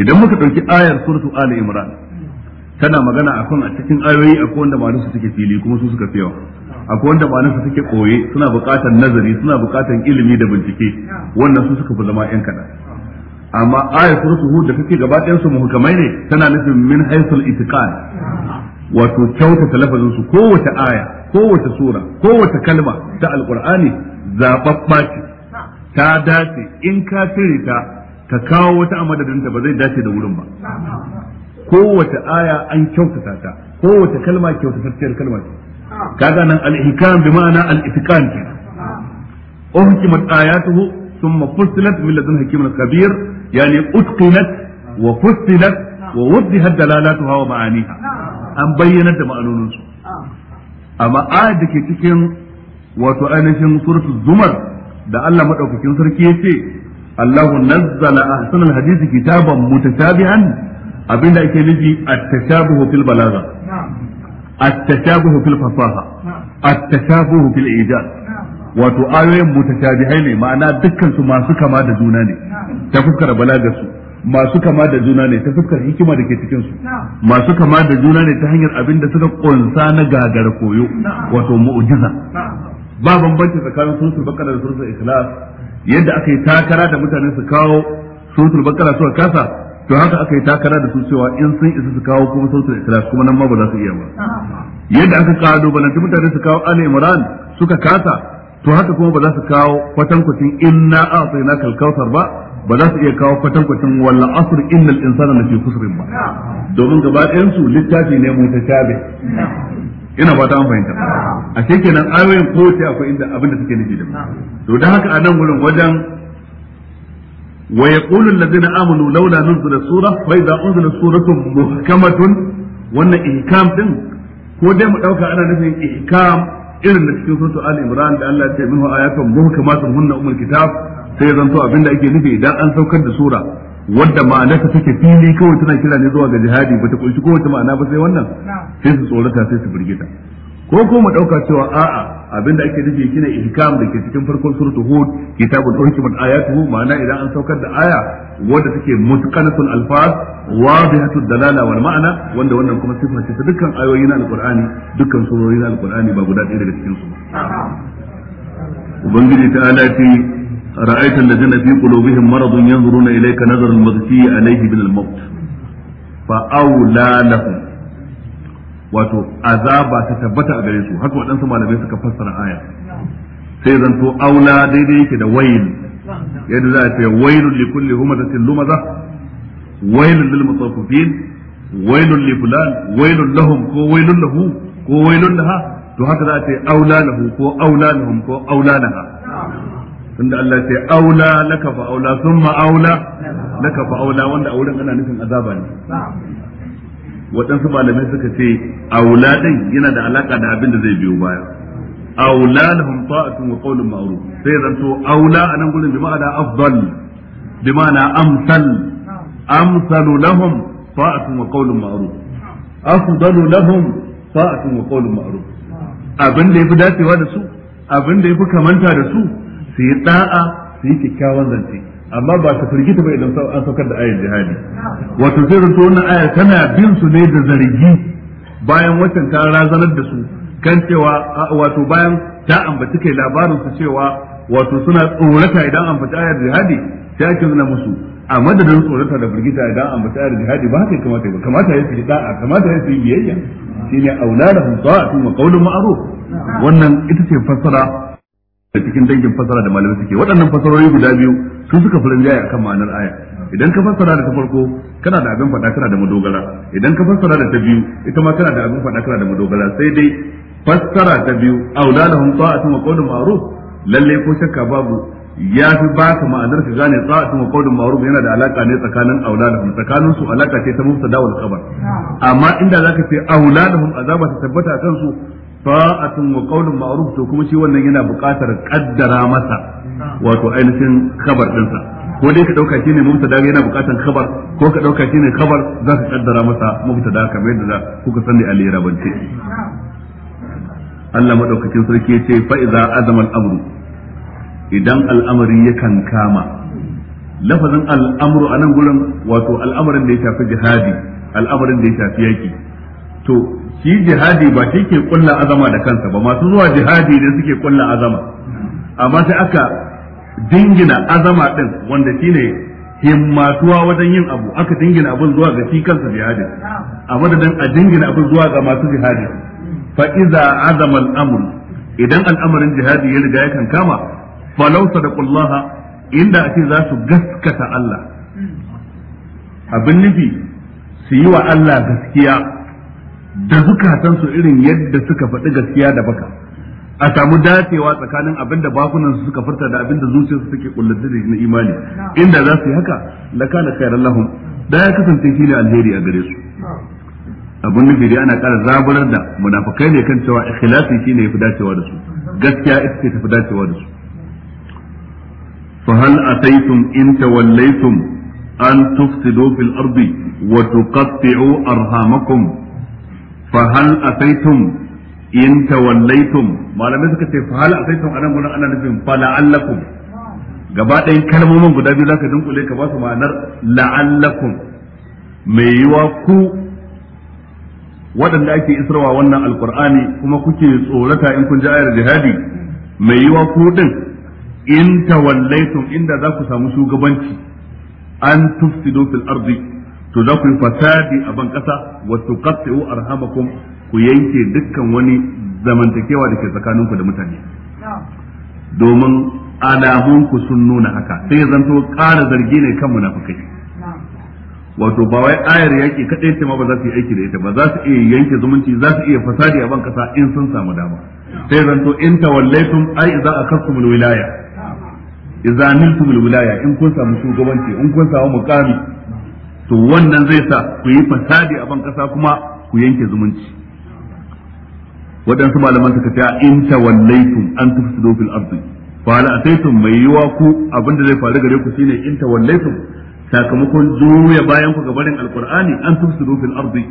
[SPEAKER 1] idan muka ɗauki ayar suratu ali imran tana magana akan a cikin ayoyi akwai wanda ma'anar su fili kuma su suka fi yawa akwai wanda ma'anar su take koye suna buƙatar nazari suna buƙatar ilimi da bincike wannan su suka fi zama yan kaɗan amma ayar suratu da kake gaba ɗayan su muhkamai ne tana nufin min haisul itiqan wato kyauta talafazin su kowace aya kowace sura kowace kalma ta alqur'ani zababba ce ta dace in ka ta ka kawo wata a ta, ba zai dace da wurin
[SPEAKER 3] ba
[SPEAKER 1] kowace aya an kyautata ta kowace kalma kyautatacciyar kalma ce kaga nan al-ihkam bi ma'ana al-itqan ke uhkimat ayatuhu thumma fussilat min ladun hakimin kabir yani utqinat wa fussilat wa wuddihat dalalatuha wa ma'aniha an bayyana da ma'anonin su amma ayat cikin wato ainihin suratul zumar da Allah madaukakin sarki yace Allahu nazzala ahsanal hadisi kitaban mutasabihan abinda ake nufi at-tashabuhu fil balagha at-tashabuhu fil fasaha at-tashabuhu fil ijaz wato ayoyin mutashabihai ne ma'ana dukkan su masu kama da juna ne ta fuskar balagar su masu kama da juna ne ta fuskar hikima da ke cikin su masu kama da juna ne ta hanyar abin da suka kunsa na gagar koyo wato mu'jiza ba bambanci tsakanin suratul baqara da suratul ikhlas yadda aka yi takara da mutane su kawo suratul baqara suka kasa to haka aka yi takara da su cewa in sun isa su kawo kuma sautin ikhlas kuma nan ma ba za su iya ba yadda aka kawo balanta mutane su kawo ali imran suka kasa to haka kuma ba za su kawo kwatin inna a'tayna kal kautsar ba ba za su iya kawo kwatin walla asr innal insana lafi khusrin ba domin gaba ɗayan su littafi ne mutashabi ina fata an fahimta a kenan ayoyin ko akwai inda abin da suke nufi da to dan haka a nan gurin wajen ويقول الذين آمنوا لولا ننزل السورة فإذا أنزلت سورة محكمة وأن إحكام دين ko dai mu ɗauka ana nufin ihkam irin da cikin suratul Ali Imran da Allah ya ce minhu ayatun muhkamatun hunna umul kitab sai zanto abinda ake nufi idan an saukar da sura wadda ta take fili kawai tana kira ne zuwa ga jihadi bata kunshi kowace ma'ana ba sai wannan sai su tsorata sai su birgita ko ko mu dauka cewa a'a abinda ake nufi shine ihkam da ke cikin farkon suratul hud kitabun uhkimat ayatuhu ma'ana idan an saukar da aya wadda take mutqanatul alfaz wadihatud dalala wal ma'ana wanda wannan kuma sifa ce ta dukkan ayoyi na alqur'ani dukkan surori na alqur'ani ba guda ɗaya daga cikin su ubangiji ta ala ce ra'aita alladhina fi qulubihim maradun yanzuruna ilayka nazara al-maghfi alayhi bil maut fa awla lahum wato azaba ta tabbata a gare su haka waɗansu malamai suka fassara aya sai zanto aula daidai yake da wayil yadda za a ce waylun li kulli humazatin lumaza waylun lil mutaffifin waylun li fulan waylun lahum ko waylun lahu ko waylun laha to haka za a ce aula lahu ko aula lahum ko aula laha tunda Allah ya ce aula laka fa aula thumma aula laka fa aula wanda a wurin ana nufin azaba ne waɗansu malamai suka ce a din yana da alaka da abin da zai biyo baya aula lahum ta'atun wa qawlun ma'ruf sai zanto aula anan gurin bi da afdal bi ma'ana amsal amsalu lahum ta'atun wa qawlun ma'ruf afdalu lahum ta'atun wa qawlun ma'ruf abin da yafi dacewa da su abin da yafi kamanta da su su yi da'a su yi kyakkyawan zance amma ba ta firgita ba idan an saukar da ayar jihadi wato sai zanto wannan ayar tana bin su ne da zargi bayan watan ta razanar da su kan cewa wato bayan ta ambaci kai labarin su cewa wato suna tsorata idan ambaci ayar jihadi ta ake nuna musu a madadin tsorata da firgita idan ambaci ayar jihadi ba haka kamata ba kamata ya yi da'a kamata ya yi biyayya shine aulalahum a wa qawlun ma'ruf wannan ita ce fassara da cikin dangin fasara da malamai suke waɗannan fasarori guda biyu su suka fi rinjaye akan ma'anar aya idan ka fassara da ta farko kana da abin faɗa kana da madogara idan ka fassara da ta biyu ita ma kana da abin faɗa kana da madogara sai dai fassara ta biyu aula lahum ta'atun wa qawlun ma'ruf lalle ko shakka babu ya fi ba ka ma'anar ka gane ta'atun wa qawlun ma'ruf yana da alaka ne tsakanin aula hun tsakanin su alaka ce ta mubtada wal khabar amma inda zaka ce aula lahum azaba ta tabbata akan su fa'atun wa qaulun ma'ruf to kuma shi wannan yana buƙatar kaddara masa wato ainihin khabar dinsa ko dai ka dauka shine mubtada yana buƙatar khabar ko ka dauka shine khabar za ka kaddara masa mubtada kamar yadda kuka sani a lirabance Allah madaukakin sarki yace fa idza azama al-amru idan al'amari ya kankama lafazin al'amru a nan gurin wato al'amarin da ya shafi jihadi al'amarin da ya shafi yaki to shi jihadi ba shi ke kulla azama da kansa ba masu zuwa jihadi ne suke kulla azama amma sai aka dingina azama din wanda ne himmatuwa wajen yin abu aka dingina abin zuwa ga shi kansa jihadi. a madadin a dingina abin zuwa ga masu jihadi fa iza azama idan al'amarin jihadi ya riga ya kankama falau sadaqullaha inda ake za su gaskata Allah abin nufi su yi wa Allah gaskiya da su irin yadda suka faɗi gaskiya da baka a samu dacewa tsakanin abin da bakunan su suka furta da abin da zuciyarsu suke kullata da na imani inda za su yi haka la kana khairan lahum da ya kasance shine alheri a gare su abin da dai ana kara zaburar da munafikai ne kan cewa ikhlasi shine yafi dacewa da su gaskiya ita ce tafi dacewa da su fa hal ataytum in tawallaytum an tufsidu fil ardi wa tuqatti'u arhamakum fa hal asaitum in tawallaitum malamai suka ce fa hal asaitum anan gurin ana nufin fa gaba ɗaya kalmomin guda biyu zaka dunkule ka ba su ma'anar la'allakum mai yiwa ku waɗanda ake isarwa wannan alkur'ani kuma kuke tsorata in kun ji ayar jihadi mai yiwa ku din in tawallaitum inda za ku samu shugabanci an tufsidu fil ardi to za ku yi fasadi a ban kasa wa tuqatti'u arhamakum ku yanke dukkan wani zamantakewa da ke tsakaninku da mutane domin alamunku sun nuna haka sai ya zanto ƙara zargi ne kan munafukai wato ba wai ayar yaki kaɗai ce ma ba za su yi aiki da ita ba za su iya yanke zumunci za su iya fasadi a ban kasa in sun samu dama sai zanto in tawallaitum ai a kasu wilaya idza niltumul wilaya in kun samu shugabanci in kun samu muqami to wannan zai sa ku yi fasadi a ban kasa kuma ku yanke zumunci waɗansu malaman suka ce in tawallaitum an tufsidu fil ardi fa la ataytum mai yiwa ku abinda zai faru gare ku shine in tawallaitum sakamakon juya bayan ku gabarin alqur'ani an tufsidu fil ardi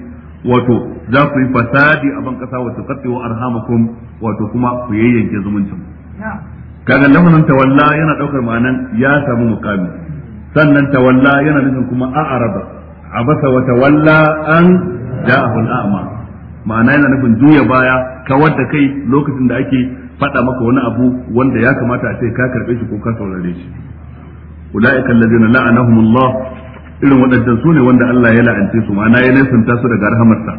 [SPEAKER 1] wato za ku yi fasadi a ban kasa wa tuqattu arhamakum wato kuma ku yanke zumuncin kaga lamarin tawalla yana daukar ma'anan ya samu mukami sannan tawalla yana nufin kuma a abasa wa tawalla an ja'ahul a'ma ma'ana yana nufin juya baya kawar da kai lokacin da ake faɗa maka wani abu wanda ya kamata a ce ka karɓe shi ko ka saurare shi ulaika allazina la'anahumullah irin waɗancan su ne wanda Allah ya la'ance su ma'ana ya nesanta su daga rahamarsa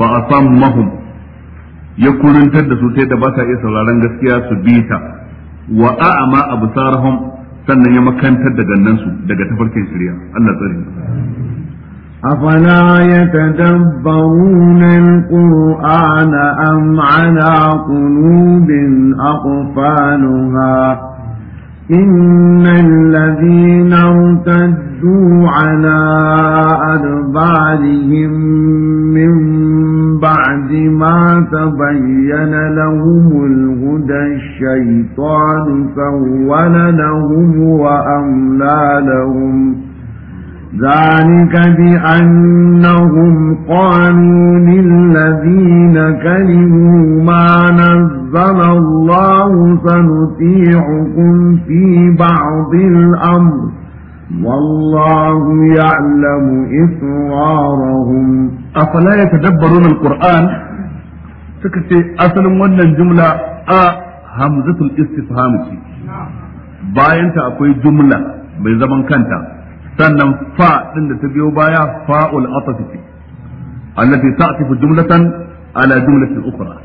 [SPEAKER 1] fa asammahum ya kuruntar da su da ba sa iya sauraron gaskiya su bi ta wa a'ama absarahum sannan ya makantar da gannansu daga tafarkin shirya Allah tsare
[SPEAKER 2] أفلا يتدبرون القرآن أم على قلوب أقفالها إن الذين ارتدوا على أدبارهم من بعد ما تبين لهم الهدى الشيطان سول لهم وأملى لهم ذلك بأنهم قالوا للذين كلموا ما نزل الله سنطيعكم في بعض الأمر والله يعلم إسرارهم
[SPEAKER 1] أفلا يتدبرون القرآن تكتي أصل من الجملة أ همزة الاستفهام ta akwai jumla mai zaman kanta sannan fa din da ta biyo baya fa'ul ataf ce allati ta'tifu jumlatan ala jumlatin ukhra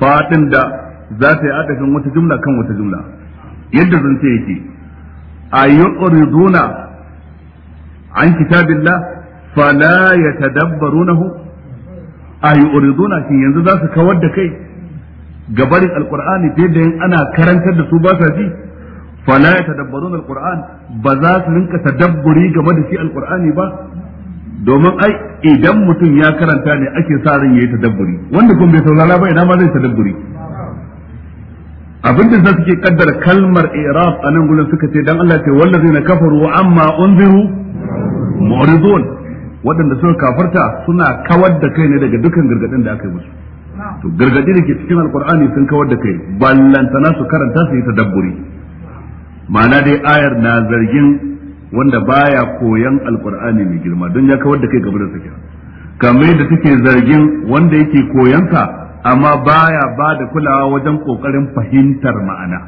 [SPEAKER 1] fa din da za ta yi adadin wata jumla kan wata jumla yadda zance yake أيؤرضون عن كتاب الله yanzu يتدبرونه أيؤرضون شن ينزل ذاك كود كي gabarin alkur'ani da yin ana karantar da su ba sa ji fala ya tadabbarun alkur'an ba za su rinka tadabburi game da shi alkur'ani ba domin ai idan mutum ya karanta ne ake sa ran yayi tadabburi wanda kuma bai saurara ba ina ma zai tadabburi abinda da ke kaddara kalmar iraf a nan gudun suka ce dan Allah ce wallazina kafaru amma unziru mu'ridun waɗanda suka kafarta suna kawar da kai ne daga dukkan gargadin da aka yi musu to gargadi da ke cikin alkur'ani sun kawar da kai ballantana su karanta su yi tadabburi ma'ana dai ayar na zargin wanda baya koyan alkur'ani mai girma don ya kawar da kai gaba da sakin kamar yadda take zargin wanda yake koyansa amma baya ba da kulawa wajen kokarin fahimtar ma'ana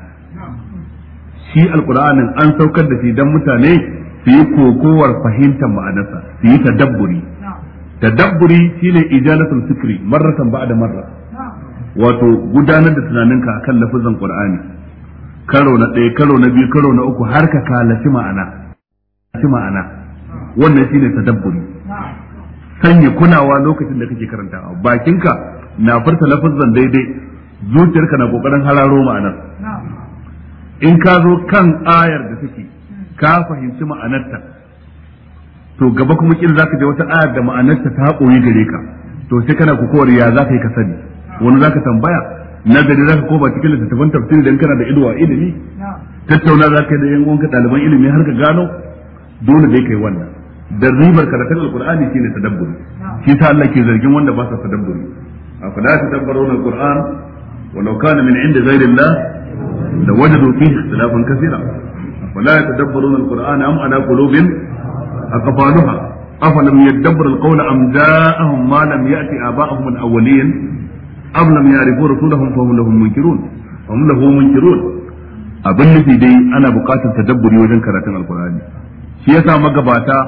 [SPEAKER 1] shi alkur'anin an saukar da shi dan mutane su yi kokowar fahimtar ma'anarsa su yi tadabburi tadabburi shine ijalatul fikri marratan ba'da marra wato gudanar da tunaninka akan lafazin qur'ani karo na ɗaya karo na biyu karo na uku har ka kalaci ma'ana kalaci ma'ana wannan shine tadabburi sanya kunawa lokacin da kake karantawa bakinka na furta lafazan daidai zuciyarka na kokarin hararo ma'anar in ka zo kan ayar da take ka fahimci ma'anarta to gaba kuma kin zaka je wata ayar da ma'anarta ta koyi gare ka to sai kana kokowar ya zaka yi ka sani wani zaka tambaya nazari zaka ko cikin littattafan tafsiri dan kana da ido a ilimi tattauna zaka yi da yan uwanka ɗaliban ilimi har ka gano dole dai kai wannan da ribar karatun alqur'ani shine tadabburi shi ta Allah ke zargin wanda ba sa tadabburi أفلا تدبرون القرآن ولو كان من عند غير الله لوجدوا فيه اختلافا كثيرا أفلا يتدبرون القرآن أم على قلوب أقفالها أفلم يدبر القول أم جاءهم ما لم يأتي آباءهم الأولين أم لم يعرفوا رسولهم فهم له منكرون هم له منكرون abin nufi dai ana buƙatar tadabburi wajen karatun alkur'ani shi yasa magabata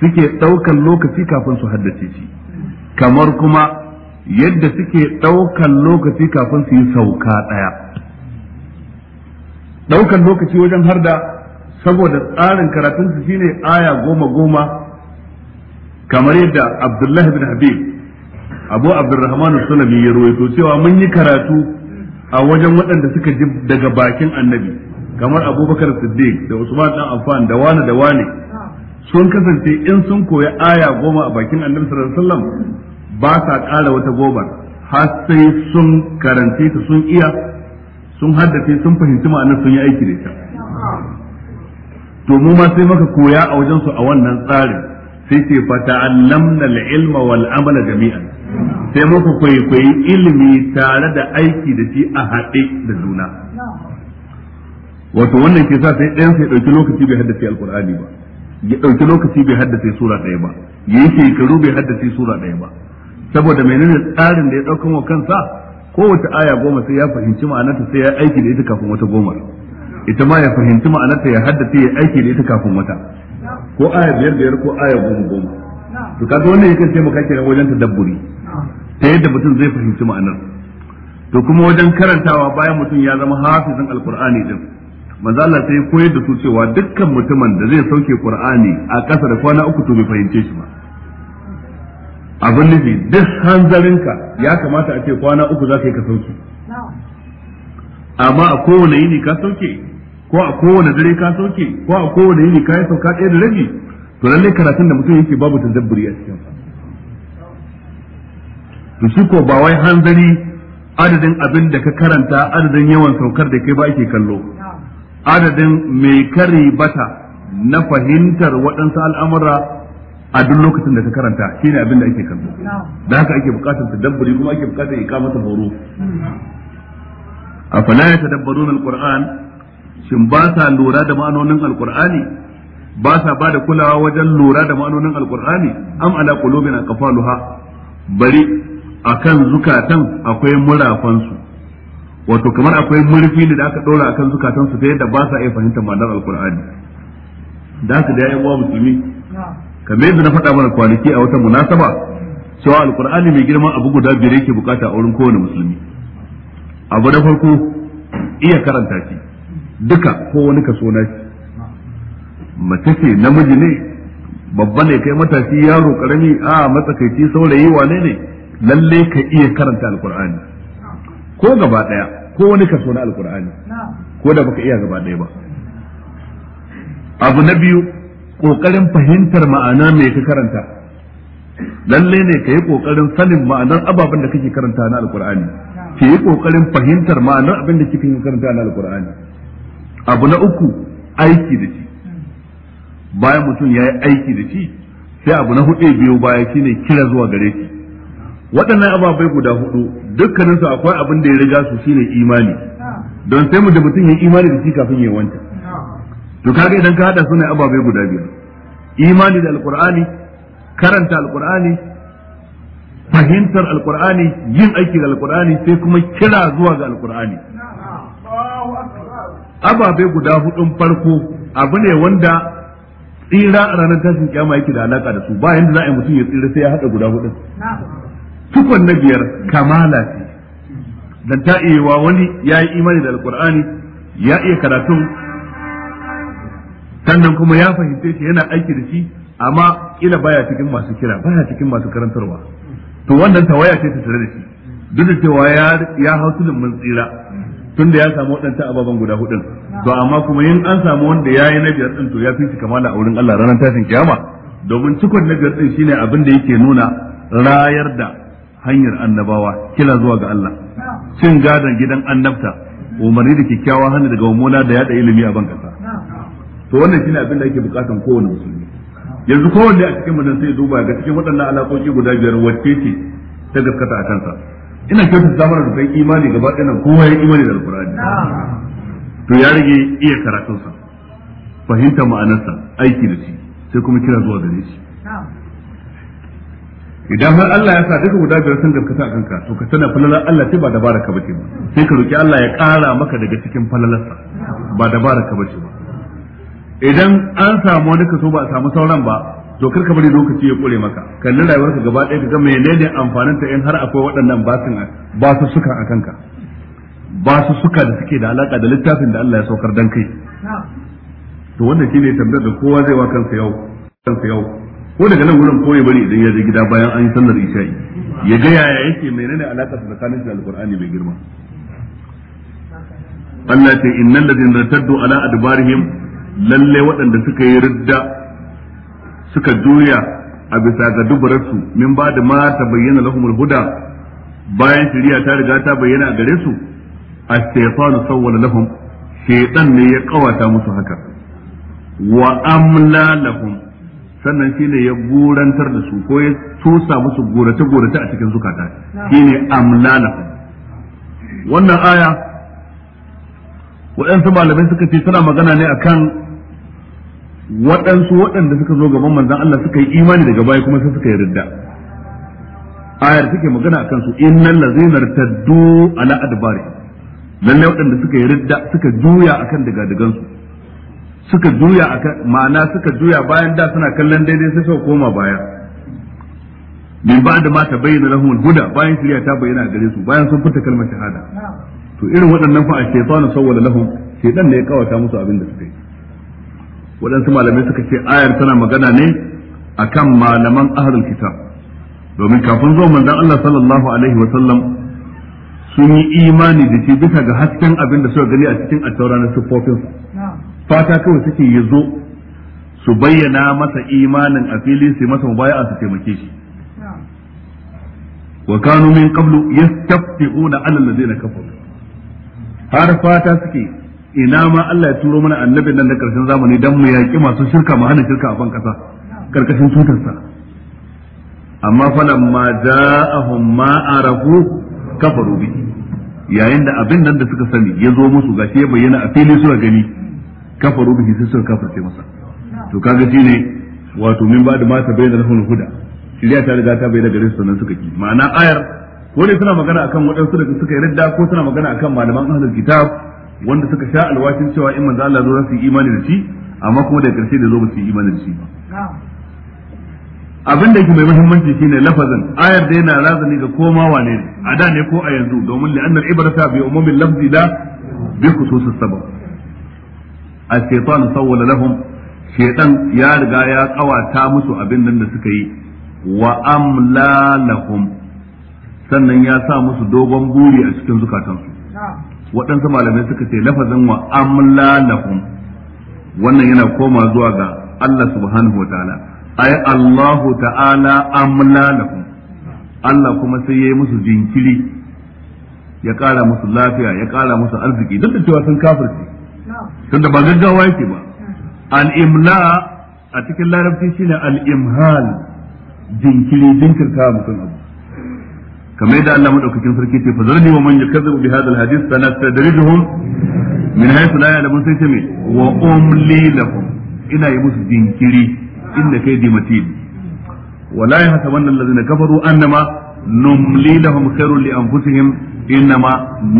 [SPEAKER 1] suke ɗaukan lokaci kafin su haddace shi kamar kuma yadda suke ɗaukan lokaci kafin su yi sauka ɗaya ɗaukan lokaci wajen har da saboda tsarin karatun su shine aya goma goma kamar yadda abdullahi bin habib abu abdurrahman sulami ya ruwaito cewa mun yi karatu a wajen waɗanda suka ji daga bakin annabi kamar abubakar siddiq da usman dan affan da wani da wani sun kasance in sun koyi aya goma a bakin annabi sallallahu alaihi wasallam ba sa ƙara wata gobar har sai sun karance ta sun iya sun haddace sun fahimci ma'anar sun yi aiki da ita to mu ma sai muka koya a wajen su a wannan tsarin sai ce fa ta'allamna al-ilma wal amala jami'an sai muka kwaikwayi ilimi tare da aiki da shi a haɗe da juna wato wannan ke sa sai ɗayan sai ɗauki lokaci bai haddace Alƙur'ani ba ya ɗauki lokaci bai haddace sura ɗaya ba ya yi shekaru bai haddace sura ɗaya ba saboda menene tsarin da ya ɗaukan wa kansa kowace aya goma sai ya fahimci ma'anarta sai ya aiki da ita kafin wata goma ita ma ya fahimci ma'anarta ya haddace ya aiki da ita kafin wata ko aya biyar biyar ko aya goma goma to kaga wannan yakan taimaka kira wajen ta dabburi. ta yadda mutum zai fahimci ma'anar to kuma wajen karantawa bayan mutum ya zama hafizin alqur'ani din manzo Allah sai koyar da su cewa dukkan mutumin da zai sauke qur'ani a kasa da kwana uku to bai fahimce shi ba abin nufi duk hanzarinka ya kamata a ce kwana uku za ka yi ka sauke amma a kowane yini ka sauke ko a kowane dare ka sauke ko a kowane yini ka yi sauka ɗaya da rabi to lalle karatun da mutum yake babu tazabburi a cikin to shi ko ba wai hanzari adadin abin da ka karanta adadin yawan saukar da kai ba ake kallo adadin mai kare bata na fahimtar waɗansu al'amura a duk lokacin da ka karanta shine abin da ake kallo da haka ake bukatar tadabburi kuma ake bukatar iqamata horo A tadabbaru yatadabbarun alquran shin ba sa lura da ma'anonin alqur'ani ba sa ba da kulawa wajen lura da ma'anonin alqur'ani am ala qulubina qafaluha bari akan zukatan akwai murafansu wato kamar akwai murfi da aka dora akan zukatansu ta yadda ba sa iya fahimtar ma'anar alqur'ani da haka da yi wa musulmi kamar yadda na faɗa mana kwanaki a wata munasaba cewa alkur'ani mai girma abu guda biyar yake bukata a wurin kowane musulmi abu na farko iya karanta shi duka ko wani kaso na shi mace ce namiji ne babba ne kai matashi yaro karami a matsakaici saurayi wane ne lalle ka iya karanta alkur'ani ko gaba daya ko wani kaso na alkur'ani ko da baka iya gaba daya ba abu na biyu kokarin fahimtar ma'ana mai ka karanta lalle ne ka yi kokarin sanin ma'anar ababen da kake karanta na alkur'ani ki yi kokarin fahimtar ma'anar abin da kike karanta na alkur'ani abu na uku aiki da shi bayan mutum ya yi aiki da shi sai abu na hudu biyu baya shine kira zuwa gare shi waɗannan ababai guda hudu dukkaninsu akwai abin da ya riga su shine imani don sai mu da mutum ya imani da shi kafin ya wanta to kaga idan ka hada sunan ababe guda biyar imani da alqur'ani karanta alqur'ani fahimtar alqur'ani yin aiki da alqur'ani sai kuma kira zuwa ga alqur'ani ababe guda hudun farko abu ne wanda tsira a ranar tashin kyama yake da alaka da su ba yanda za a yi mutum ya tsira sai ya hada guda hudun tukon na biyar kamala ce dan ta iya wani ya yi imani da alqur'ani ya iya karatun sannan kuma ya fahimce shi yana aiki da shi amma kila baya cikin masu kira baya cikin masu karantarwa to wannan tawaya ce ta tare da shi duk da cewa ya ya hausu mun tsira Tun da ya samu wadanta ababan guda hudun to amma kuma in an samu wanda ya yi na biyar din to ya fi shi kamala a wurin Allah ranar tashin kiyama domin cikon na biyar din shine abin da yake nuna rayar da hanyar annabawa kila zuwa ga Allah cin gadon gidan annabta umarni da kyakkyawa hannu daga mummuna da yada ilimi a ban kasa to wannan shine abin da ake bukatan kowane musulmi yanzu kowanne a cikin mutum sai duba ga cikin waɗannan alaƙoƙi guda biyar wacce ce ta gaskata a kansa ina kyautu samar da kai imani gaba ɗaya kowa ya imani da alƙur'ani to ya rage iya karatunsa fahimta ma'anarsa aiki da shi sai kuma kira zuwa gare shi idan har Allah ya sa duka guda biyar sun gaskata a kanka to ka sanar falalar Allah ce ba da ka bace ba sai ka roki Allah ya ƙara maka daga cikin falalarsa ba da ka bace ba idan an samu wani kaso ba a samu sauran ba to kar ka bari lokaci ya kure maka kalli rayuwarka gaba ɗaya ka ga menene amfanin ta in har akwai waɗannan su ba su suka a kanka ba su suka da suke da alaka da littafin da Allah ya saukar dan kai to wannan shine tambayar da kowa zai wa kansa yau kansa yau ko daga nan wurin koyi bari idan ya je gida bayan an yi sallar isha'i ya ga yaya yake menene alaka tsakanin da alqur'ani mai girma Allah ya ce innal ladina taddu ala adbarihim lalle waɗanda suka yi ridda suka juriya a bisa ga dubararsu min ba da ma ta bayyana lahumul huda bayan shari'a ta riga ta bayyana a gare su a shaytanu sawwala lahum ne ya kawata musu haka wa amla lahum sannan shine ya gurantar da su ko ya tusa musu gurata gurata a cikin zukata shine amla lahum wannan aya waɗansu malamai suka ce suna magana ne akan waɗansu waɗanda suka zo gaban manzan Allah suka yi imani daga baya kuma suka yi ridda ayar take magana akan su innal ladzina irtaddu ala adbari lalle waɗanda suka yi ridda suka juya akan daga dagansu suka juya akan ma'ana suka juya bayan da suna kallon daidai sai suka koma baya min ba'da ma tabayyana lahum al-huda bayan shirya ta bayyana gare su bayan sun fita kalmar shahada to irin waɗannan fa a shaytanu sawwala lahum shaytan ne ya kawata musu abin da suka yi waɗansu malamai suka ce ayar tana magana ne akan malaman ahlul kitab domin kafin zuwa manzan Allah sallallahu alaihi wa sallam sun yi imani da shi bisa ga hasken abin da suka gani a cikin attaura na siffofinsa fata kawai suke ya zo su bayyana masa imanin a fili su masa mubaya'a su taimake shi wa kanu min qablu yastafti'una 'ala alladhina kafaru har fata suke ina ma Allah ya turo mana annabin nan da karshen zamani dan mu yaki masu shirka mu hana shirka a ban kasa karkashin tutarsa amma falamma ja'ahum ma arafu kafaru bi yayin da abin nan da suka sani ya zo musu gashi ya bayyana a fili suka gani kafaru bi sai suka kafarce masa to kaga shine wato min ba da ma ta bayyana lahul huda shirya ta riga ta bayyana gare su sannan suka ki ma'ana ayar ko ne suna magana akan waɗansu da suka yi ko suna magana akan malaman ahlul kitab wanda suka sha alwashin cewa in manzo Allah zo su yi imani da shi amma kuma da karshe da zo ba su yi imani da shi ba abin da yake mai muhimmanci shine lafazin ayar da yana razani ga koma wane ne a da ne ko a yanzu domin li'anna annal ibrata bi umumil lafzi la bi khususis sabab as-shaytanu sawwala lahum shaytan ya riga ya kawata musu abin nan da suka yi wa amla lahum sannan ya sa musu dogon buri a cikin zukatansu waɗansu malamai suka ce lafazin wa amla lahum wannan yana koma zuwa ga Allah subhanahu wa ta'ala Ai Allahu ta'ala amla lahum Allah kuma sai yayi musu jinkiri ya ƙara musu lafiya ya ƙara musu arziki duk da cewa sun kafirce tunda ba gaggawa yake ba al-imla a cikin larabci shine al-imhal jinkiri jinkirta mutum abu kamar yadda Allah madaukakin sarki ce fa zarni wa man yakazzabu bi hadha alhadith sanastadrijuhum min haythu la ya'lamun sai ce me wa umli lahum ina yi musu jinkiri ولا يحسبن الذين كفروا انما نملي لهم خير لانفسهم انما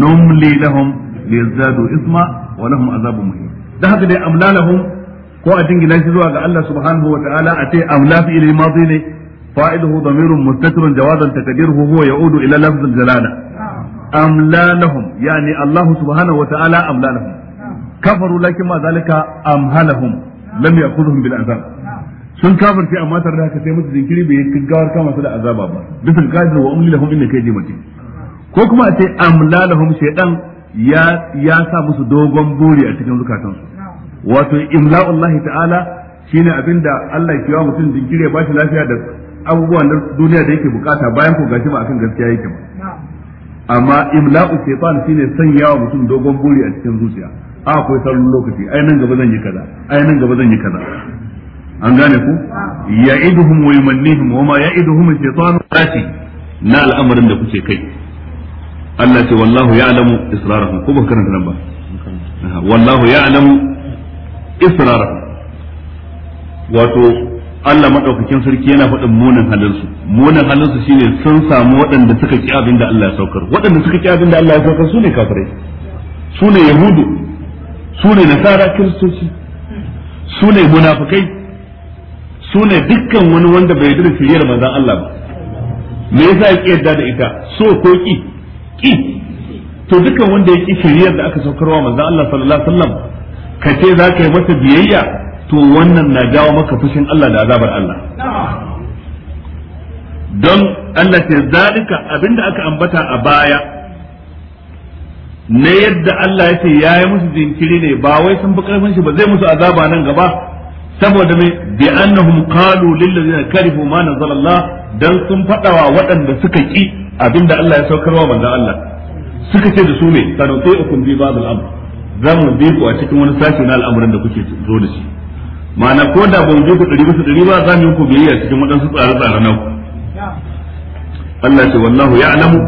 [SPEAKER 1] نملي لهم ليزدادوا اثما ولهم عذاب مهين da haka dai ko a jingina shi zuwa ga Allah subhanahu wa ta'ala a ce amla fi ilmi ne فاعله ضمير مستتر جوازا تقديره هو يعود الى لفظ الجلاله ام لا لهم يعني الله سبحانه وتعالى ام لا لهم كفروا لكن ما ذلك ام هلهم لم ياخذهم بالعذاب sun kafirce amma tare da haka sai musu jinkiri bai gaggawar kama su da azaba ba bisa gajin wa umli lahum inna kaydi matin ko kuma a ce amla lahum shaytan ya ya sa musu dogon buri a cikin
[SPEAKER 3] zukatansu
[SPEAKER 1] wato imla'ullahi ta'ala shine abinda Allah ke wa mutum jinkiri ya bashi lafiya da abubuwan duniya da yake bukata bayan ko gashi ba akan gaskiya yake ba amma imla'u shaytan shine sanyawa mutum dogon buri a cikin zuciya a akwai sauran lokaci ai nan gaba zan yi kaza ai nan gaba zan yi kaza an gane ku ya'iduhum wa yumannihum wa ma ya'iduhum shaytan shaytanu na al'amarin da kuke kai Allah ce wallahu ya'lamu israrahum ko ban karanta nan ba wallahu ya'lamu israrahum wato Allah madaukakin sarki yana faɗin munin halinsu munin halinsu shine sun samu waɗanda suka ki abin da Allah ya saukar waɗanda suka ki abin da Allah ya saukar su ne kafirai su ne yahudu su ne nasara kiristoci su ne munafikai su ne dukkan wani wanda bai yarda da shiriyar manzon Allah ba me yasa ya yarda da ita so ko ki ki to dukkan wanda ya ki shiriyar da aka saukarwa manzon Allah sallallahu alaihi wasallam kace za ka yi masa biyayya to wannan na jawo maka fushin Allah da azabar Allah don Allah ce zalika abinda aka ambata a baya na yadda Allah ya ce ya yi musu jinkiri ne ba wai sun fi karfin shi ba zai musu azaba nan gaba saboda mai bi annahum qalu lil ladina karihu ma nazala dan sun fadawa waɗanda suka ki abinda Allah ya saukarwa manzon Allah suka ce da su ne sanutai ukum bi ba'd al-amr zamu bi ku a cikin wani sashi na al'amuran da kuke zo da shi ma'ana ko da ba mu je ku ɗari bisa ɗari ba za mu yi ku biyayya cikin waɗansu tsare-tsare na ku Allah ce wallahu ya alamu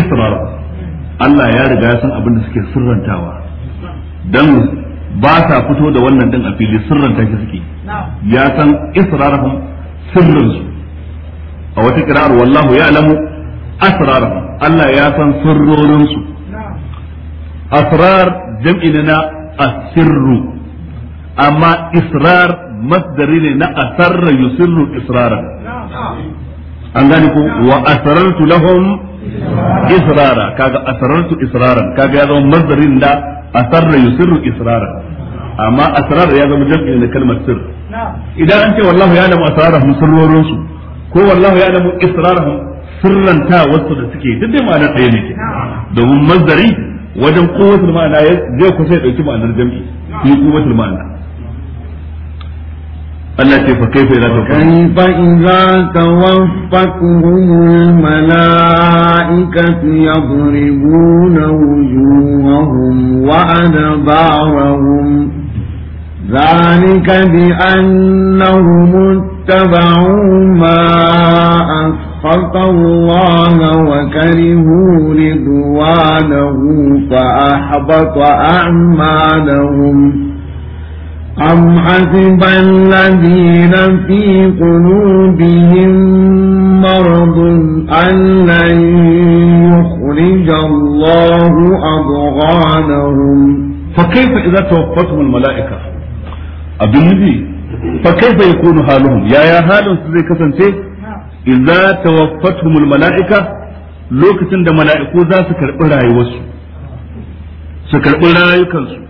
[SPEAKER 1] israr Allah ya riga ya san abin da suke sirrantawa dan ba sa fito da wannan din a fili sirranta shi suke ya san israrahum sirrinsu a wata kirar wallahu ya alamu asrarahum Allah ya san sirrorinsu asrar jam'i na asirru amma israr masdari ne na asarra yusirru israra an gane ko wa asrartu lahum israra kaga asrartu israran kaga ya zama masdarin da asarra yusirru israra amma asrar ya zama jami'i na kalmar sir idan an ce wallahu ya alamu asrarahum sirrorin su ko wallahu ya alamu israrahum sirranta wasu da suke duk dai ma'ana ɗaya ne domin masdari wajen kowace ma'ana zai kusa ya ɗauki ma'anar jam'i fi kowace ma'ana Allah ce fa kaifa idza tawaffat fa idza
[SPEAKER 2] tawaffakum malaikatu yadribuna wujuhahum wa adbarahum ذلك بأنهم اتبعوا ما أسخط الله وكرهوا رضوانه فأحبط أعمالهم أم حسب الذين في قلوبهم مرض أن لن يخرج الله
[SPEAKER 1] أضغانهم فكيف إذا توفتهم الملائكة abin nufi fa kaifa yakunu haluhum yaya halin su zai kasance idza tawaffatuhumul malaika lokacin da mala'iku za su karbi rayuwarsu su rayukansu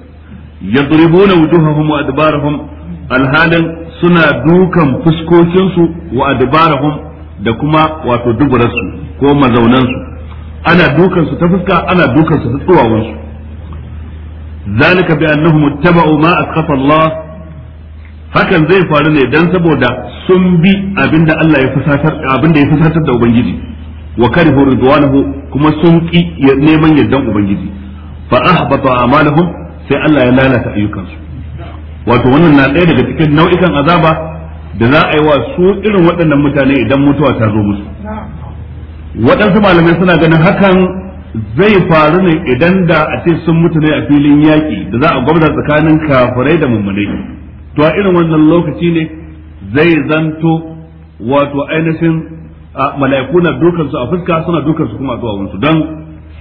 [SPEAKER 1] yadribuna wujuhahum wa adbarahum alhalin suna dukan fuskokinsu wa adbarahum da kuma wato duburarsu ko mazaunansu ana dukan su ta fuska ana dukan su ta tsuwawansu zalika bi annahum ittaba'u ma asqata Allah hakan zai faru ne dan saboda sun bi abinda Allah ya fusatar abinda ya fusatar da ubangiji wa karihu ridwanuhu kuma sun ki neman yardan ubangiji fa ahbata a'malahum sai Allah ya lalata ayyukansu wato wannan na ɗaya daga cikin nau'ikan azaba da za a yi wa su irin waɗannan mutane idan mutuwa ta zo musu waɗansu malamai suna ganin hakan zai faru ne idan da a ce sun mutu ne a filin yaƙi da za a gwamna tsakanin kafirai da mummune to a irin wannan lokaci ne zai zanto wato ainihin mala'iku na dukansu a fuska suna dukansu kuma a duwawunsu don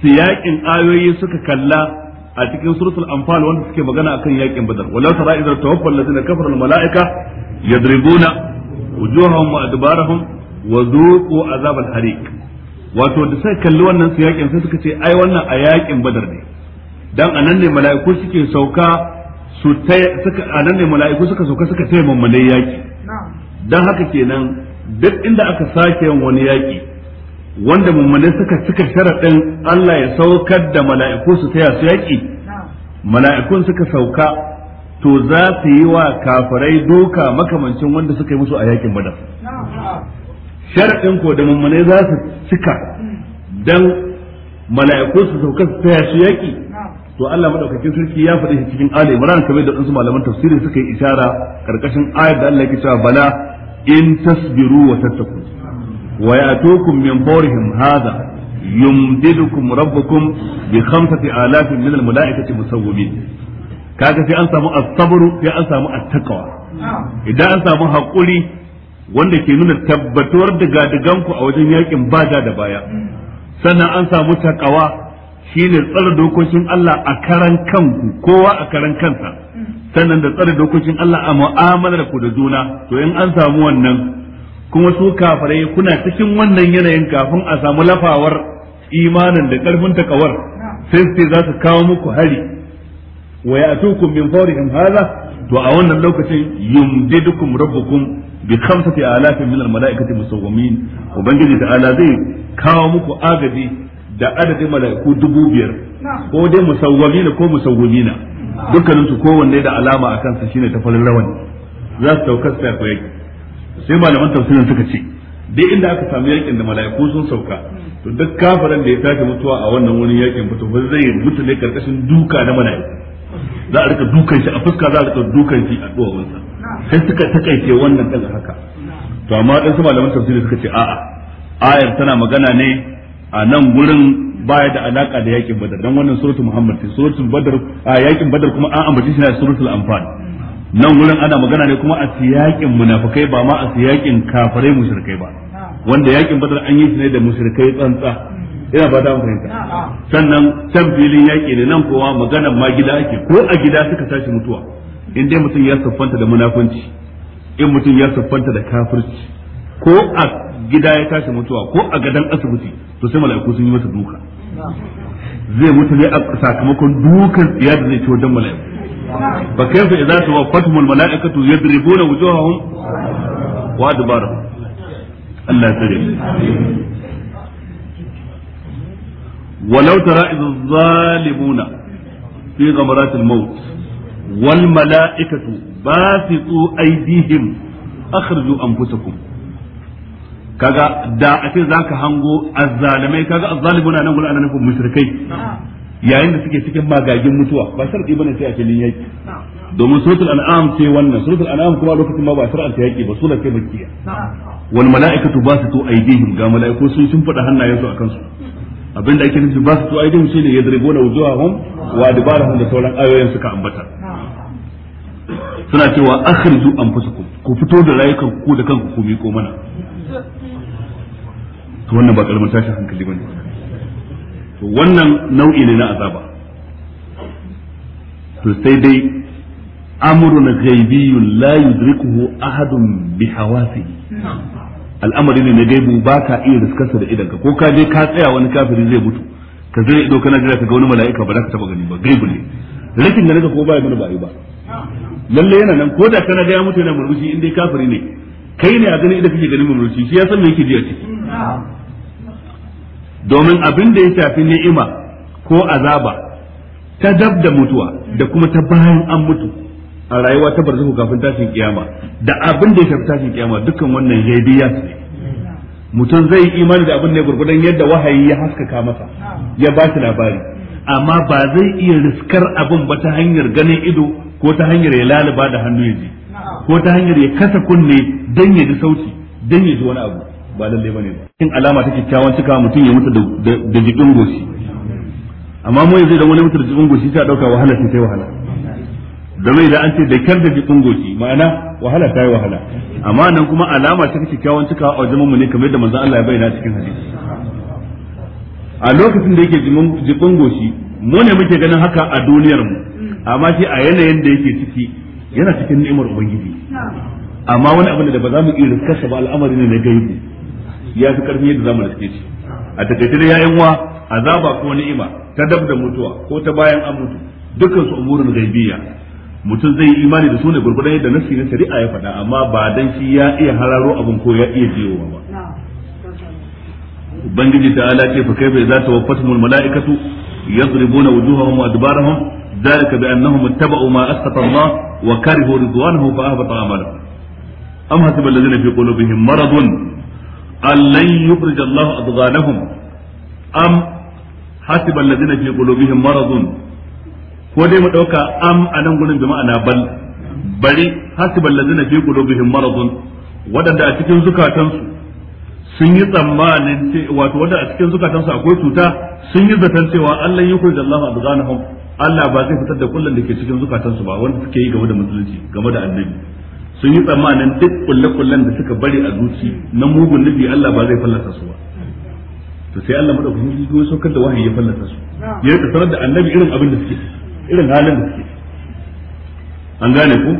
[SPEAKER 1] yaƙin ayoyi suka kalla a cikin suratul anfal wanda suke magana akan yakin badar wala tara idza tawaffa alladhina kafaru al malaika yadribuna wujuhahum wa adbarahum wa dhuqu azab al hariq wato da sai kalli wannan su yakin sai suka ce ai wannan a yakin badar ne dan anan ne mala'iku suke sauka su ta suka anan ne mala'iku suka sauka suka taya mammalai yaki dan haka kenan duk inda aka sake yin wani yaki wanda mummane suka cika sharaɗin Allah ya saukar da mala'iku su taya su yaƙi mala'ikun suka sauka to za su yi wa kafirai doka makamancin wanda suka yi musu a yaƙin badar sharaɗin ko da mummane za su cika dan mala'iku su sauka su taya su yaƙi to Allah madaukakin sarki ya faɗi cikin Ali Imran kamar da wasu malaman tafsiri suka yi ishara karkashin ayar da Allah ke cewa bala in tasbiru wa tattaku wa ya'tukum min fawrihim hadha yumdidukum rabbukum bi khamsati alafin min almalaikati musawwimin kaga sai an samu as-sabru sai an samu idan an samu hakuri wanda ke nuna tabbatuwar daga ku a wajen yakin bada da baya sannan an samu takawa shine tsare dokokin Allah a karan kanku kowa a karan kansa sannan da tsare dokokin Allah a mu'amalar ku da juna to in an samu wannan kuma su kafirai kuna cikin wannan yanayin kafin a samu lafawar imanin da karfin takawar sai sai za su kawo muku hari wa ya'tukum min fawrihim hadha to a wannan lokacin yumdidukum rabbukum bi khamsati alafin min almalaikati musawwimin ubangiji ta'ala zai kawo muku agaji da adadin malaiku dubu biyar ko dai musawwimina ko musawwimina dukkanin su kowanne da alama akan su shine tafarin rawani za su daukar sa sai malaman tafsirin suka ce dai inda aka samu yakin da mala'iku sun sauka to duk kafiran da ya tashi mutuwa a wannan wurin yakin fito ba zai mutu ne karkashin duka na mala'iku za a rika dukan shi a fuska za a rika dukan shi a duwawansa sai suka takaice wannan din haka to amma dan su malaman tafsirin suka ce a'a ayar tana magana ne a nan gurin baya da alaka da yakin badar dan wannan suratul muhammad suratul badar a yakin badar kuma an ambace shi na suratul anfal nan gurin ana magana ne kuma a siyakin munafikai ba ma a siyakin kafirai mushrikai ba wanda yakin badar an yi shi ne da mushrikai tsantsa ina ba ta fahimta sannan can filin yaki ne nan kowa maganar ma gida ake ko a gida suka tashi mutuwa in dai mutum ya siffanta da munafunci in mutum ya siffanta da kafirci ko a gida ya tashi mutuwa ko a gadan asibiti to sai mala'iku sun yi masa duka zai mutu ne a sakamakon dukan tsiya da zai ci wajen mala'iku fa kayfa idza tawaffatuhum al mala'ikatu yadribuna wujuhahum wa ولو ترى إذ الظالمون في غمرات الموت والملائكة باسطوا أيديهم أخرجوا أنفسكم kaga da a ce zaka hango azzalimai kaga azzalimun nan gurin ana nufin yayin da suke cikin magagin mutuwa ba sarki bane sai a filin yaki domin suratul an'am sai wannan suratul an'am kuma lokacin ma ba shar'an ta yaki ba sura ce makkiya
[SPEAKER 3] wal mala'ikatu
[SPEAKER 1] basitu aydihim ga mala'iku sun sun fada hannayensu akan su abinda ake nufi basitu aydihim shine yadribuna wujuhahum wa adbarahum da sauran ayoyin suka ambata
[SPEAKER 3] suna cewa akhriju
[SPEAKER 1] anfusakum ku fito da rayukan ku da kanku ku miko mana to wannan ba kalmar tashin hankali bane to wannan nau'i ne na azaba to sai dai amrun ghaibiyun la yudrikuhu ahadun bi hawasihi al'amari ne na gaibu ba ka iya riskarsa da idanka ko ka je ka tsaya wani kafiri zai mutu ka zai ido kana jira ka ga wani mala'ika ba za ka taba gani ba gaibu ne rikin ganin ka ko ba ya mana ba ba lalle yana nan ko da kana ga ya mutu yana murmushi in dai kafiri ne kai ne a gani idan kake ganin murmushi shi ya san me yake ji a
[SPEAKER 3] ciki
[SPEAKER 1] domin abin da ya shafi ni'ima ko azaba ta dab da mutuwa da kuma ta bayan an mutu a rayuwa ta barzahu kafin tashin kiyama da abin da ya shafi tashin kiyama dukkan wannan jaidiya ne mutum zai imani da abin da ya gurgudan yadda wahayi ya haskaka masa ya ba shi labari amma ba zai iya riskar abin ba ta hanyar ganin ido ko ta hanyar ya laluba da hannu ya ji ko ta hanyar ya kasa kunne don ya ji sauti don ya ji wani abu ba lalle bane ba in alama ta kikkiawan cika mutum ya mutu da jikin goshi amma mu yanzu da wani mutu da jikin goshi ta dauka wahala sai sai wahala da mai da an ce da kyar da jikin goshi ma'ana wahala ta yi wahala amma nan kuma alama ta kikkiawan cika a wajen mu ne kamar yadda manzon Allah ya bayyana cikin hadisi a lokacin da yake jikin goshi mu ne muke ganin haka a duniyar mu amma shi a yanayin da yake ciki yana cikin ni'imar ubangiji amma wani abu da ba za mu iya riskarsa ba al'amari ne na gaibu ya fi karfi yadda zamu riske shi a takaice da yayin wa azaba ko ni'ima ta dab da mutuwa ko ta bayan an mutu dukkan su umurun ghaibiyya mutum zai yi imani da su ne gurgurdan yadda nasi na shari'a ya faɗa amma ba dan shi ya iya hararo abin ko ya iya jiyowa ba ubangiji ala ce fa kai bai za ta wafatumul mala'ikatu yadribuna wujuhahum wa adbarahum ذلك بأنهم اتبعوا ما أسخط الله وكرهوا رضوانه فأهبط أعمالهم أم حسب الذين في قلوبهم مرض allan yukhrij Allah adghanahum am hasiba zina fi qulubihim marazun. ko dai mu dauka am nan gudun jama'a na bal bari hasiba zina fi qulubihim marazun. Waɗanda a cikin zukatansu sun yi tsammanin wato waɗanda a cikin zukatansu akwai cuta sun yi zaton cewa allan yukhrij Allah adghanahum Allah ba zai fitar da kullum da ke cikin zukatansu ba wanda suke yi game da musulunci game da annabi sun yi tsammanin duk kulle-kullen da suka bari a zuci na mugun nufi Allah ba zai fallasa su ba to sai Allah madaukakin sarki ya saukar da wahayi ya fallasa su ya rika sanar da annabi irin abin da suke irin halin da suke an gane ku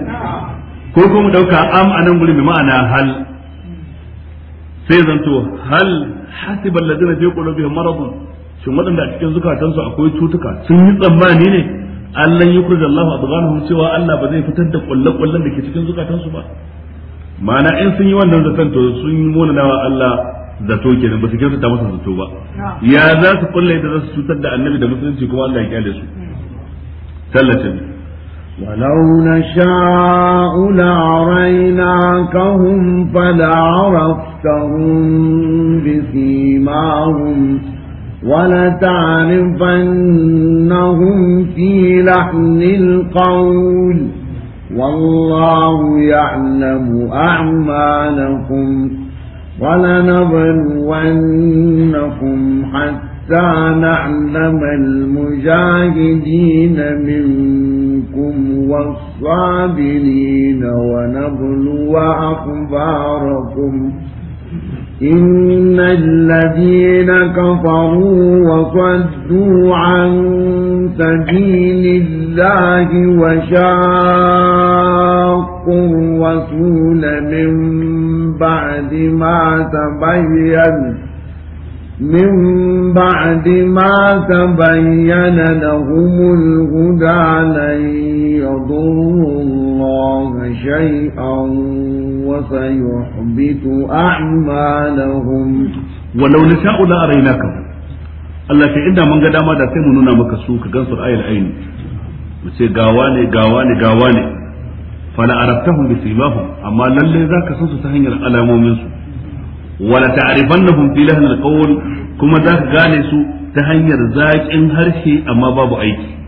[SPEAKER 1] ko kuma dauka am anan guri bi ma'ana hal sai zanto hal hasiba alladhina fi qulubihim maradun shin wadanda a cikin zukatansu akwai cutuka sun yi tsammani ne Allah yukhrij Allah adghanahum cewa Allah ba zai fitar da kullu kullun da ke cikin zukatansu ba ma'ana in sun yi wannan zaton to sun yi mona nawa Allah zato kenan ba su ta masa zato ba ya za su kulle da za su cutar da annabi da musulunci kuma Allah ya kyale su tallafin
[SPEAKER 2] ولو نشاء لعريناكهم فلعرفتهم بسيماهم ولتعرفنهم في لحن القول والله يعلم أعمالكم ولنبلونكم حتى نعلم المجاهدين منكم والصابرين ونبلو أخباركم إن الذين كفروا وصدوا عن سبيل الله وشاقوا الرسول من بعد ما تبين من بعد ما تبين لهم الهدى لن يضروا الله
[SPEAKER 1] شيئا وسيحبط أعمالهم ولو نشاء لأريناكم Allah ce inda mun ga dama da sai mu nuna maka su ka gansu ayil aini mu ce gawa ne gawa ne gawa ne Fa fala araftahum bi simahum amma lalle zaka san su ta hanyar alamomin su wala ta'rifannahum fi lahn alqawl kuma zaka gane su ta hanyar zaƙin harshe amma babu aiki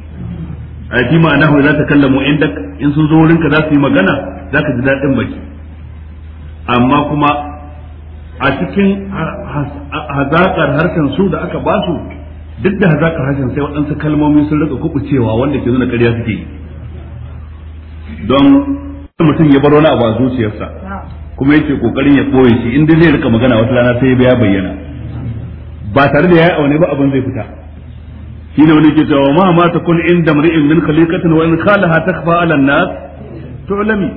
[SPEAKER 1] ai bi ma'ana za ta kallamu inda in sun zo wurinka za su yi magana za ka ji daɗin baki amma kuma a cikin hazaƙar harshen su da aka ba su duk da hazaƙar harshen sai waɗansu kalmomi sun rika kubucewa wanda ke nuna ƙarya suke yi don mutum ya bar wani abu a zuciyarsa kuma yake kokarin ya ɓoye shi inda zai rika magana wata rana sai ya bayyana ba tare da ya yi aune ba abin zai fita shi ne wani ke cewa ma ma ta kun inda mri'in min khaliqatin wa in khalaha takfa ala nas tu'lami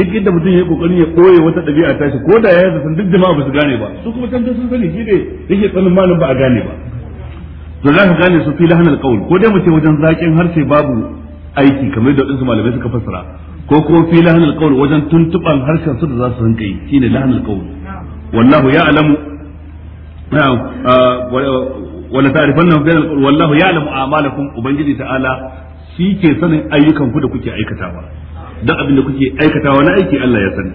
[SPEAKER 1] duk inda mutum ya kokarin ya koye wata dabi'a ta shi ko da ya san duk jama'a ba su gane ba su kuma can sun sani shi ne yake tsanin malam ba a gane ba to za ka gane su fi lahanal qaul ko dai mu ce wajen zakin harshe babu aiki kamar da wadansu malamai suka fassara ko kuma fi lahanal qaul wajen tuntuban harshen su da za su rinka yi shine lahanal qaul wallahu ya'lamu ah, wala ta'rifanna bainal qurun wallahu ya'lamu a'malakum ubangiji ta'ala shi ke sanin ayyukan ku da kuke aikatawa dan abin da kuke aikatawa na aiki Allah ya sani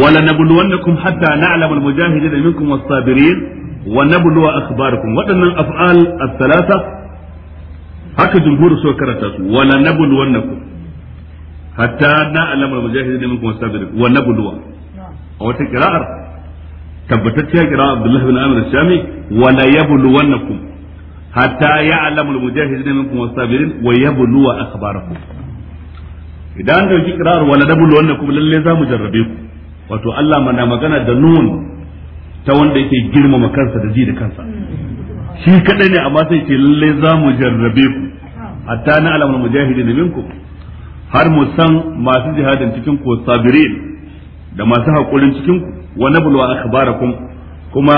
[SPEAKER 1] wala nabluwannakum hatta na'lamu al-mujahidin minkum was-sabirin wa nabluwa akhbarakum wadannan af'al al salasa haka jumhur so karanta su wala nabluwannakum hatta na'lamu al-mujahidin minkum was-sabirin wa nabluwa a wata kira'ar tabbatacciya kira Abdullahi bin Amir Shami wa la yabluwannakum hatta ya'lamu al-mujahidin minkum was-sabirin wa yabluwa akhbarakum idan da ki kirar wa la yabluwannakum lalle za mu jarrabe ku wato Allah mana magana da nun ta wanda yake girmama kansa da ji da kansa shi kadai ne amma sai ce lalle za mu jarrabe ku hatta na alamul mujahidin minkum har mu san masu jihadin cikin ku sabirin da masu haƙurin cikin ku wa nabluwa akhbarakum kuma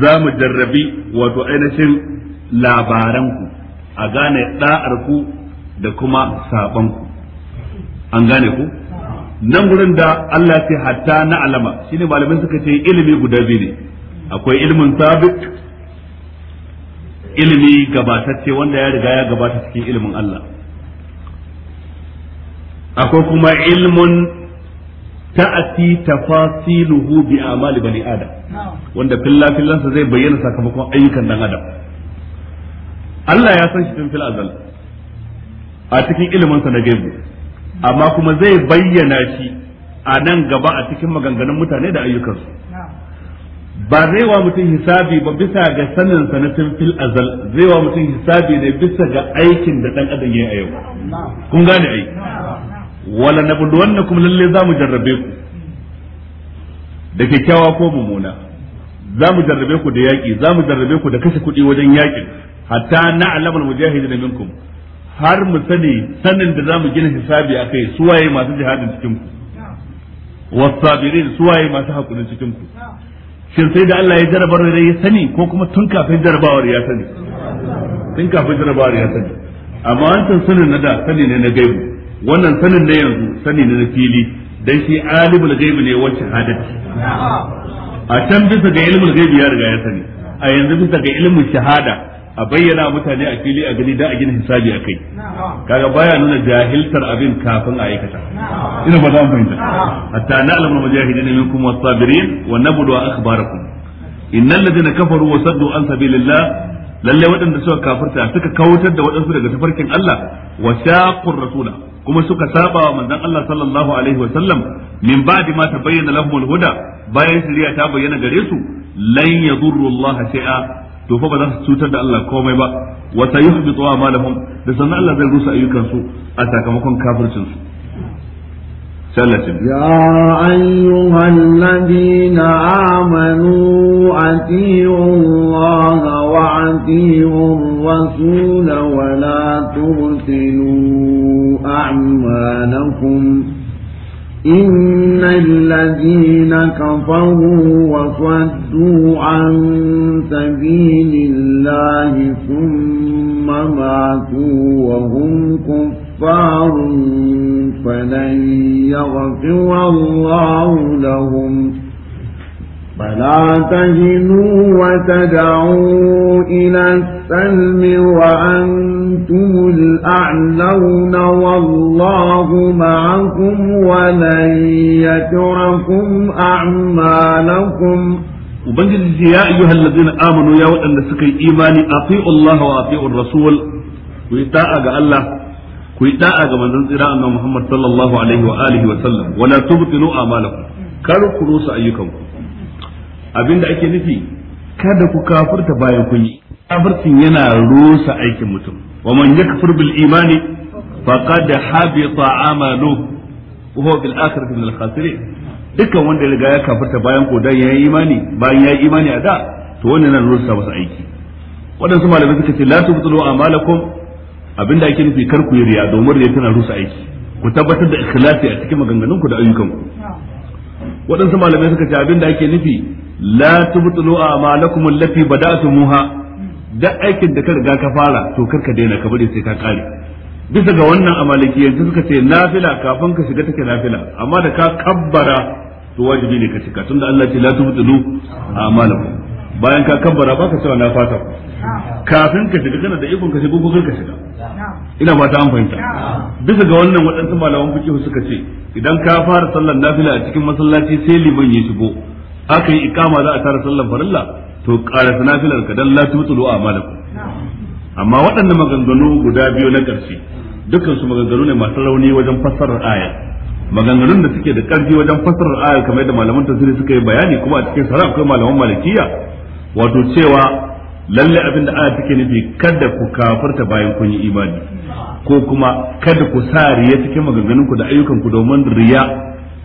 [SPEAKER 1] za mu jarrabi wato ainihin labaranku a gane ɗa'arku da kuma sabonku. an gane ku nan gurin da Allah ce hatta na alama shine malamin suka ce ilimi guda biyu ne akwai ilimin sabit ilimi gabatacce wanda ya riga ya gabata cikin ilimin Allah akwai kuma ilmun ta'ati tafasiluhu bi amali bani adam wanda filla zai bayyana sakamakon ayyukan dan adam Allah ya san shi tun fil azal a cikin sa na gaibu amma kuma zai bayyana shi a nan gaba a cikin maganganun mutane da ayyukansu ba zai wa mutum hisabi ba bisa ga saninsa na tun fil azal zai wa mutum hisabi ne bisa ga aikin da dan adam ya yi a yau kun gane ai wala na kuma lalle za mu jarrabe ku da kyakkyawa ko mumuna mu jarrabe ku da yaƙi, za mu jarrabe ku da kashe kuɗi wajen yaƙin, hatta na alamar na'lamu na minkum har mu sani sanin da za mu gina hisabi a su suwaye masu jihadin cikin ku wasabirin suwaye masu hakurin cikin ku shin sai da Allah ya jarabar da ya sani ko kuma tun kafin jarabawar ya sani tun kafin jarabawar ya sani amma wancan sanin na da sani ne na gaibu wannan sanin na yanzu sani na fili dan shi alimul ghaibi ne wacce hadati a can bisa ga ilmul ghaibi ya riga ya sani a yanzu bisa ga ilmin shahada a bayyana mutane a fili a gani da a gina hisabi a kai kaga baya nuna jahiltar abin kafin a aikata ina ba za mu fahimta hatta na alamul mujahidin minkum was-sabirin wa nabdu akhbarakum innal ladina kafaru wa saddu an sabilillah lalle waɗanda suka kafirta suka kautar da waɗansu daga tafarkin Allah wa shaqur rasula kuma suka saba wa manzon Allah sallallahu alaihi wasallam min ba'di ma tabayyana lahum al-huda bayan shari'a ta bayyana gare su lan yadurru Allah shay'a to fa ba za su cutar da Allah komai ba wa sayuhbitu a'malahum da sannan Allah zai rusa ayyukan su a sakamakon kafircin su يا أيها الذين آمنوا
[SPEAKER 2] أطيعوا الله وأطيعوا الرسول ولا تبطلوا أعمالكم إن الذين كفروا وصدوا عن سبيل الله ثم ماتوا وهم كفار فلن يغفر الله لهم فلا تهنوا وتدعوا إلى السلم وأنتم الأعلون والله معكم ولن
[SPEAKER 1] يتركم أعمالكم Ubangiji ce ya ayyuhal ladzina amanu ya waɗanda suka yi imani ati'u Allah wa ati'u Rasul ku yi da'a ga Allah ku yi da'a ga manzon tsira annabi Muhammad sallallahu alaihi wa sallam kar ku rusa abinda ake nufi kada ku kafirta bayan kun yi kafircin yana rusa aikin mutum wa man yakfur bil imani faqad habita amalu wa huwa bil akhirati min al khasirin dukkan wanda ya riga ya kafirta bayan ko dan yayi imani bayan yayi imani a da to wannan yana rusa masa aiki wadansu malamai suka ce la tubtulu amalakum abinda ake nufi kar ku yi riya domin riya tana rusa aiki ku tabbatar da ikhlasi a cikin maganganun ku da ayyukan ku. waɗansu malamai suka ce abin da ake nufi la tubtulu a'malakum allati bada'tumuha da aikin da ka riga ka fara to karka daina ka bari sai ka kare bisa ga wannan amalaki yanzu suka ce nafila kafin ka shiga take nafila amma da ka kabbara to wajibi ne ka cika tunda Allah ce la tubtulu a'malakum bayan ka kabbara ba ka cewa na fata kafin ka shiga kana da ikon ka shiga ko ka shiga ina ba ta an fahimta bisa ga wannan waɗansu malaman fiqh suka ce idan ka fara sallar nafila a cikin masallaci sai liman ya shigo aka yi ikama za a tara sallar farilla to karasa nafilar ka dan la tutulu amalakum amma waɗannan maganganu guda biyu na ƙarshe dukkan su maganganu ne masu rauni wajen fassarar aya maganganun da suke da karfi wajen fassarar aya kamar da malaman tafsiri suka yi bayani kuma a cikin sara akwai malaman malikiya wato cewa lalle abin da aya take nufi kada ku kafarta bayan kun yi imani ko kuma kada ku sa riya cikin maganganun ku da ayyukan ku domin riya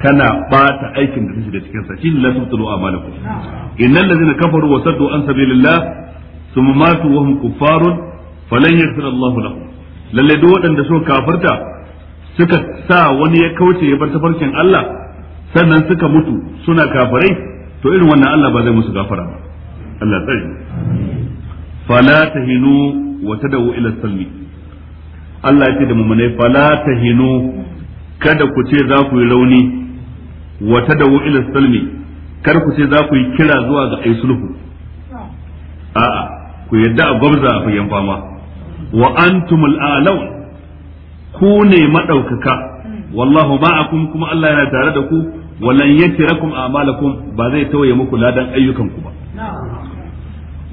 [SPEAKER 1] kana bata aikin da take da cikin sa shi la tubtilu amalakum innal ladzina kafaru wa saddu an sabilillah thumma matu wa hum kuffarun falan yaghfir Allahu lahum lalle duk waɗanda suka kafarta suka sa wani ya kauce ya bar tafarkin Allah sannan suka mutu suna kafirai to irin wannan Allah ba zai musu gafara ba Allah tsare fala tahinu wa da ila salmi Allah ya ce da mu'minai fala tahinu kada ku ce za ku yi rauni wa da ila salmi kar ku ce za ku yi kira zuwa ga ai sulhu a'a ku yadda a gwamza a fagen fama wa antumul a'laun ku ne madaukaka wallahu ma'akum kuma Allah yana tare da ku walan yatirakum a'malakum ba zai tawaye muku ladan ayyukan ku ba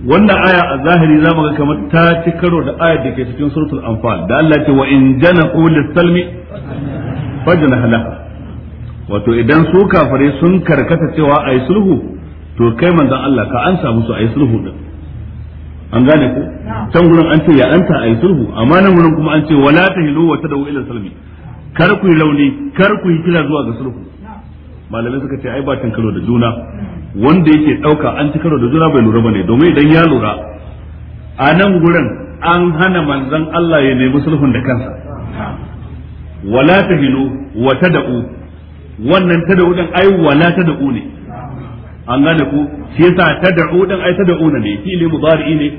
[SPEAKER 1] wannan aya a zahiri za mu ga kamar ta ci karo da ayar da ke cikin suratul anfal da Allah ce wa in jana lis-salmi fajna laha wato idan su kafare sun karkata cewa ayi sulhu to kai manzon Allah ka ansa musu ayi sulhu din an gane ku can gurin an ce ya anta ayi sulhu amma nan gurin kuma an ce wala tahilu wa tadawu ila salmi kar ku yi rauni kar ku yi kira zuwa ga sulhu malamai suka ce ai ba karo da juna wanda yake dauka an ci karo da juna bai lura bane domin idan ya lura a nan gurin an hana manzon Allah ya nemi sulhun da kansa wala tahinu wa tad'u wannan tad'u din ai wala tad'u ne an gane ku shi yasa tad'u din ai tad'u ne fi'li mudari ne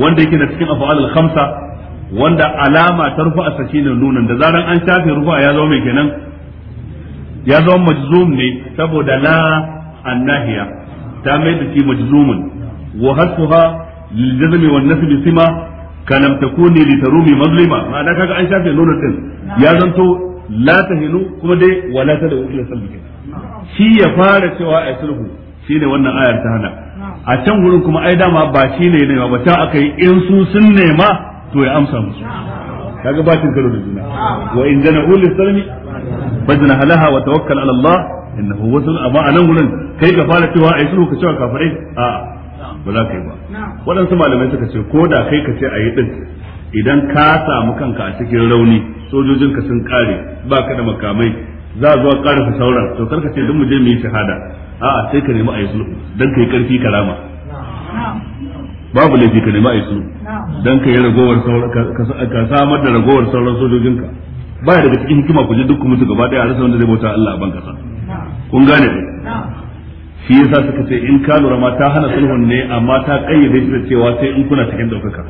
[SPEAKER 1] wanda yake da cikin af'al khamsa wanda alama ta rufa a ne nunan da zaran an shafe rufa ya zama mai kenan ya zama majzum ne saboda la annahiya ta mai da shi majzumun wa hasuha liljazmi wan nasbi sima kalam takuni litarumi mazlima ma'ana kaga an shafe nunun din ya zanto la tahinu kuma dai wala ta da ila salbi shi ya fara cewa ai sulhu shine wannan ayar ta hana a can wurin kuma ai ma ba shi ne nema ba ta aka yi in su sun nema to ya amsa musu kaga bacin karo da juna wa in jana ulis salmi fajna halaha wa tawakkal ala Allah innahu wasul amma anan gurin kai ka fara cewa ai sulhu ka cewa kafirai a ba za ka yi ba waɗansu malamai suka ce ko da kai ka ce a yi din idan ka samu kanka a cikin rauni sojojinka sun kare ba ka da makamai za zuwa ƙara su sauran to karka ce don mu je mu yi shahada a'a sai ka nemi aisu yi sulhu don ka ƙarfi kalama
[SPEAKER 3] babu laifi ka nemi aisu yi sulhu don ka ragowar
[SPEAKER 1] sauran ka samar da ragowar sauran sojojinka baya daga cikin hikima ku je duk mutu gaba ɗaya a rasa wanda zai bauta Allah a ban kasa kun gane ne shi yasa suka ce in ka lura ma ta hana sulhun ne amma ta kayyade shi cewa sai in kuna cikin daukaka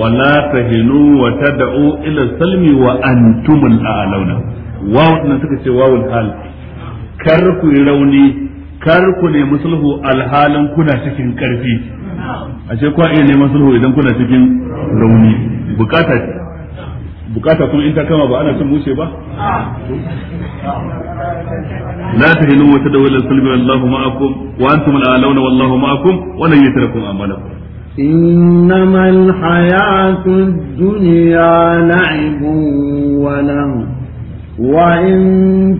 [SPEAKER 1] wala tahinu wa tad'u ila salmi wa antumul a'launa wawu nan suka ce wawul hal kar ku yi rauni kar ku ne sulhu alhalin kuna cikin karfi ashe ku iya neman sulhu idan kuna cikin rauni bukata ce bukata kuma in ta kama ba ana son mushe ba la tahinu wa tadawwala sulmi wallahu ma'akum wa antum al'alawna wallahu ma'akum wa lan yatrakum amalakum
[SPEAKER 2] إنما الحياة الدنيا لعب ولهو وإن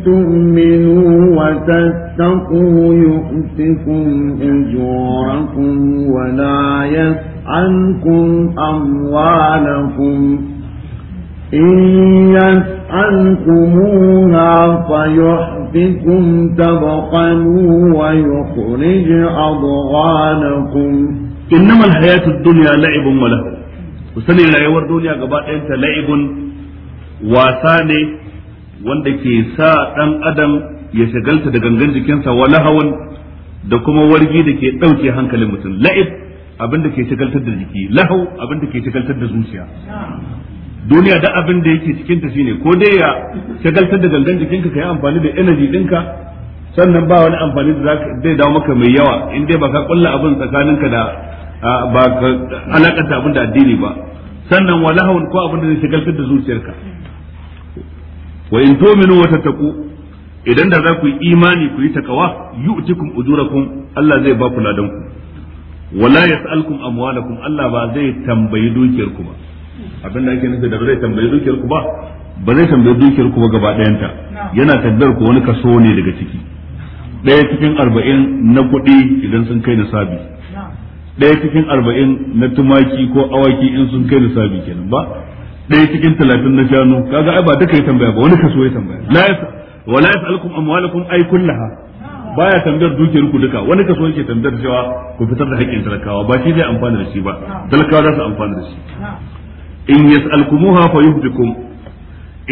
[SPEAKER 2] تؤمنوا وتتقوا يؤتكم أجوركم ولا يسألكم أموالكم إن يسألكموها فيحفكم تبخلوا ويخرج أضغانكم
[SPEAKER 1] إنما الحياة الدنيا لعب وله وسنة رأيور الدنيا قبل أنت لعب وساني wanda ke sa ɗan adam ya shagalta da gangan jikinsa da kuma wargi da ke ɗauke hankalin mutum la'ib abin da ke shagaltar da jiki lahau abin da ke shagaltar da zuciya duniya da abin da yake cikin ta shine ko dai ya shagaltar da gangan jikinka kai amfani da energy dinka sannan ba wani amfani da zai dawo maka mai yawa in dai baka kulla abin tsakaninka da ba ka alakanta abin da addini ba sannan walahun ko abin da zai shagaltar da zuciyarka wa in tu'minu wa tattaqu idan da za ku yi imani ku yi takawa yu'tikum ujurakum Allah zai ba ku ladanku ku wala yas'alukum amwalakum Allah ba zai tambayi dukiyarku ba abinda ake nufi da zai tambayi dukiyar ku ba ba zai tambayi dukiyar ku ba gaba ɗayanta yana tambayar ku wani kaso ne daga ciki ɗaya cikin arba'in na kuɗi idan sun kai nisabi ɗaya cikin arba'in na tumaki ko awaki in sun kai nisabi kenan ba ɗaya cikin talatin na shanu kaga ai ba duka ya tambaya ba wani kaso ya tambaya la yasa wala yasalukum amwalakum ay kullaha baya tambayar dukiyar ku duka wani kaso yake tambayar cewa ku fitar da haƙƙin talakawa ba shi zai amfana da shi ba talakawa za su amfana da shi in yas'alkumuha fa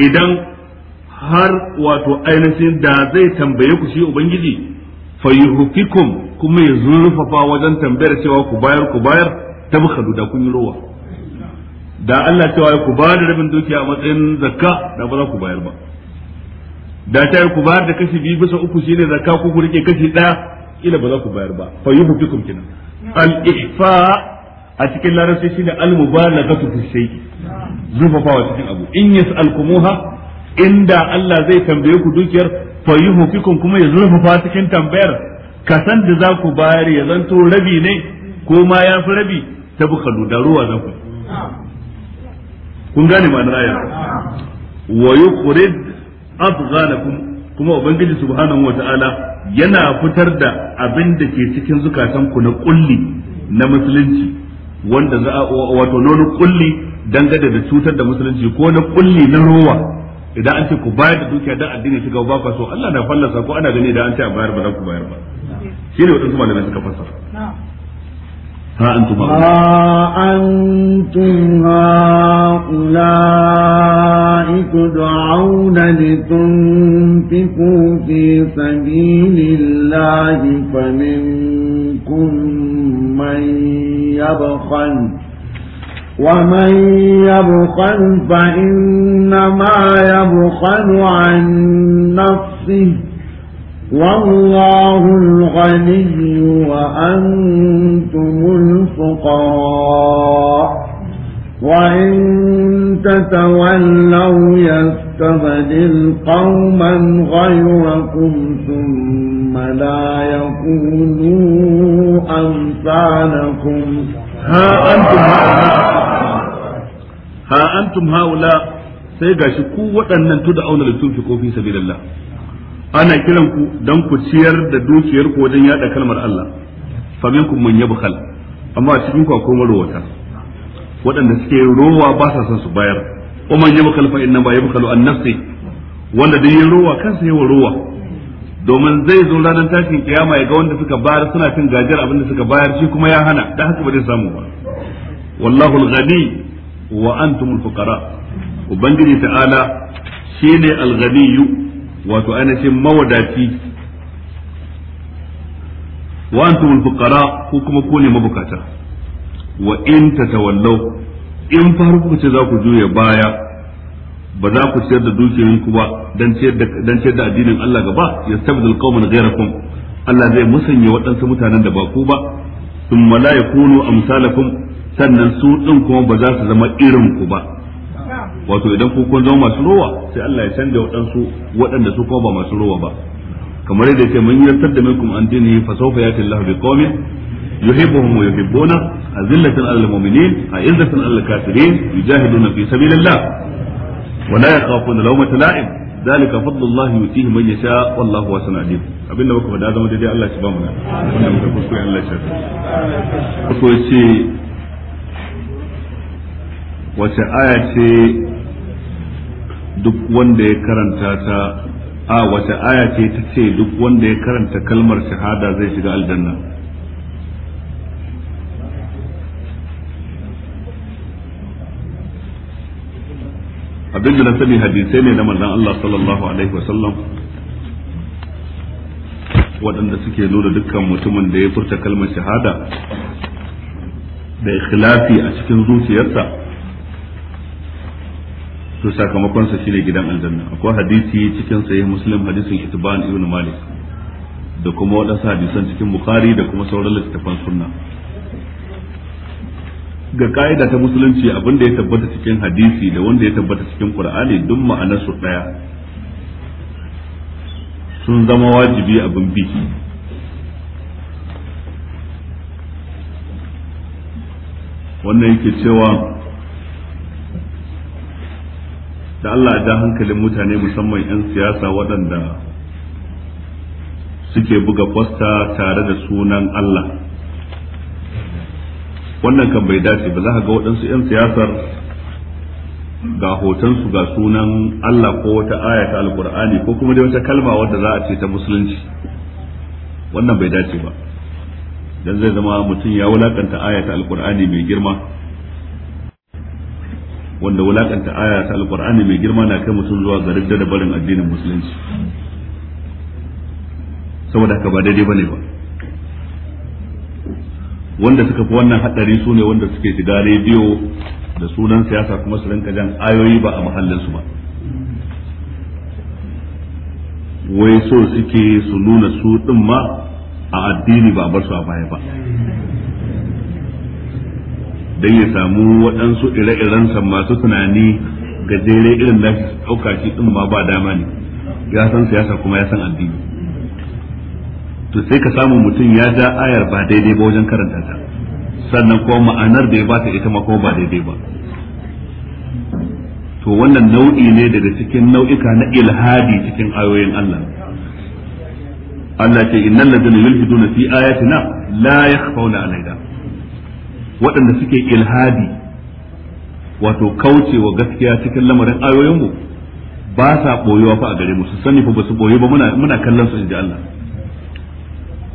[SPEAKER 1] idan har wato ainihin da zai tambaye ku shi ubangiji fa yuhfikum kuma ya zurfafa wajen tambayar cewa ku bayar ku bayar tabkhadu da kun yi rowa da Allah cewa ku ba da rabin dukiya a matsayin zakka da ba za ku bayar ba da ta ku bayar da kashi biyu bisa uku shine zakka ku rike kashi daya ila ba za ku bayar ba fa yuhfikum kinan al ihfa a cikin larabci shine al-mubalaghatu fi shay'i zufafawa cikin abu in yas'alkumuha inda Allah zai tambaye ku dukiyar fayuhfikum kuma ya zurfafa cikin tambayar kasan da za ku bayar ya zanto rabi ne ko ma ya fi rabi ta bukalu da ruwa za ku kun gane ma'anar ayar wa yukhrid adghanakum kuma ubangiji subhanahu wata'ala yana fitar da abin da ke cikin zukatanku na kulli na musulunci wanda za wato na kulli dangane da cutar da musulunci ko na kulli na rowa idan an ce ku bayar da dukiya dan addini ta gaba ba so Allah na fallasa ko ana gani idan an ce a bayar ba za ku bayar ba shine wadansu malamai suka fassara ها أنتم ها
[SPEAKER 2] أنتم هؤلاء تدعون لتنفقوا في سبيل الله فمنكم ومن يبخل ومن يبخل فإنما يبخل عن نفسه والله الغني وأنتم الفقراء وإن تتولوا يستبدل قوما غيركم ثم ثم لا يكونوا أمثالكم
[SPEAKER 1] ها أنتم ها أنتم sai ga shi ku waɗannan tu da auna da tunfi ko fi sabilillah ana kiran ku don ku ciyar da dukiyar ku wajen yada kalmar Allah fa minkum man yabkhal amma cikin ku akwai marowata waɗanda suke rowa ba sa son su bayar Kuma umman yabkhal fa inna ma yabkhalu an nafsi wanda dai ya rowa kansa yawa rowa domin zai zo ranar tashin kiyama ya ga wanda suka bayar suna cin gajiyar abin da suka bayar shi kuma ya hana da haka ba zai samu ba wallahu al wa antum alfuqara ubangiji ta'ala shine al-ghani wato ainihin mawadaci wa antum alfuqara ko kuma ku ne mabukata wa in tatawallu in fa ce za ku juya baya ba za ku ciyar da dukiyoyinku ba don ciyar da addinin Allah gaba yastabdil qauman ghayrakum Allah zai musanya waɗansu mutanen da ba ku ba thumma la yakunu amsalakum sannan su din kuma ba za su zama irin ku ba wato idan ku kun zama masu rowa sai Allah ya canja waɗansu waɗanda su kuma ba masu rowa ba kamar yadda ce mun yartar da minkum an dinihi fa sawfa yati Allah bi qaumin yuhibbuhum wa yuhibbuna azillatan alal mu'minin a'izzatan alal kafirin yujahiduna fi sabilillah wala yakhafuna lawmata la'im ذلك فضل الله يؤتيه من يشاء والله واسع عليم abin da muka faɗa zama daidai Allah shi ba mu nan wanda muka kuskure Allah shi ko ce. wace aya ce duk wanda ya karanta ta a wace aya ce ta ce duk wanda ya karanta kalmar shahada zai shiga aljanna abin da na sani hadisai ne na manzon Allah sallallahu alaihi wasallam waɗanda suke nuna dukkan mutumin da ya furta kalmar shahada da ikhlasi a cikin zuciyarsa to sakamakonsa shine gidan aljanna akwai hadisi cikin sahih muslim hadisin itban ibn malik da kuma waɗansu hadisan cikin bukhari da kuma sauran littattafan sunna ga ka'ida ta musulunci abin da ya tabbata cikin hadisi da wanda ya tabbata cikin qur'ani duk ma'anar su daya sun zama wajibi abin bi wannan yake cewa da Allah ja hankalin mutane musamman 'yan siyasa waɗanda suke buga kwasta tare da sunan Allah wannan kan bai dace ba za ka ga waɗansu 'yan siyasar ga hotonsu ga sunan Allah ko wata aya ta alkur'ani ko kuma dai wata kalma wadda za a ce ta musulunci wannan bai dace ba dan zai zama mutum ya wulakanta aya ta alkur'ani mai girma wanda wulakanta aya ta alkur'ani mai girma na kai mutum zuwa garin da barin addinin musulunci saboda haka ba daidai bane ba wanda suka fi wannan hadari su ne wanda suke shiga rediyo da sunan siyasa kuma su rinka jan ayoyi ba a mahallinsu ba wai so suke su nuna su din ma a addini ba bar su a baya ba don ya samu waɗansu ire-irensa masu tunani ga gajere irin da ɗauka shi din ma ba dama ne ya san siyasa kuma ya san addini to sai ka samu mutum ya ja ayar ba daidai ba wajen karanta ta sannan kuma ma'anar da ya ta ita ma kuma ba daidai ba to wannan nau'i ne daga cikin nau'ika na ilhadi cikin ayoyin Allah Allah ce innal ladina yulhiduna fi ayatina la yakhfawna alaina waɗanda suke ilhadi wato kaucewa gaskiya cikin lamarin ayoyinmu ba sa boyewa fa a gare mu su sani fa ba su boye ba muna muna kallon su inji Allah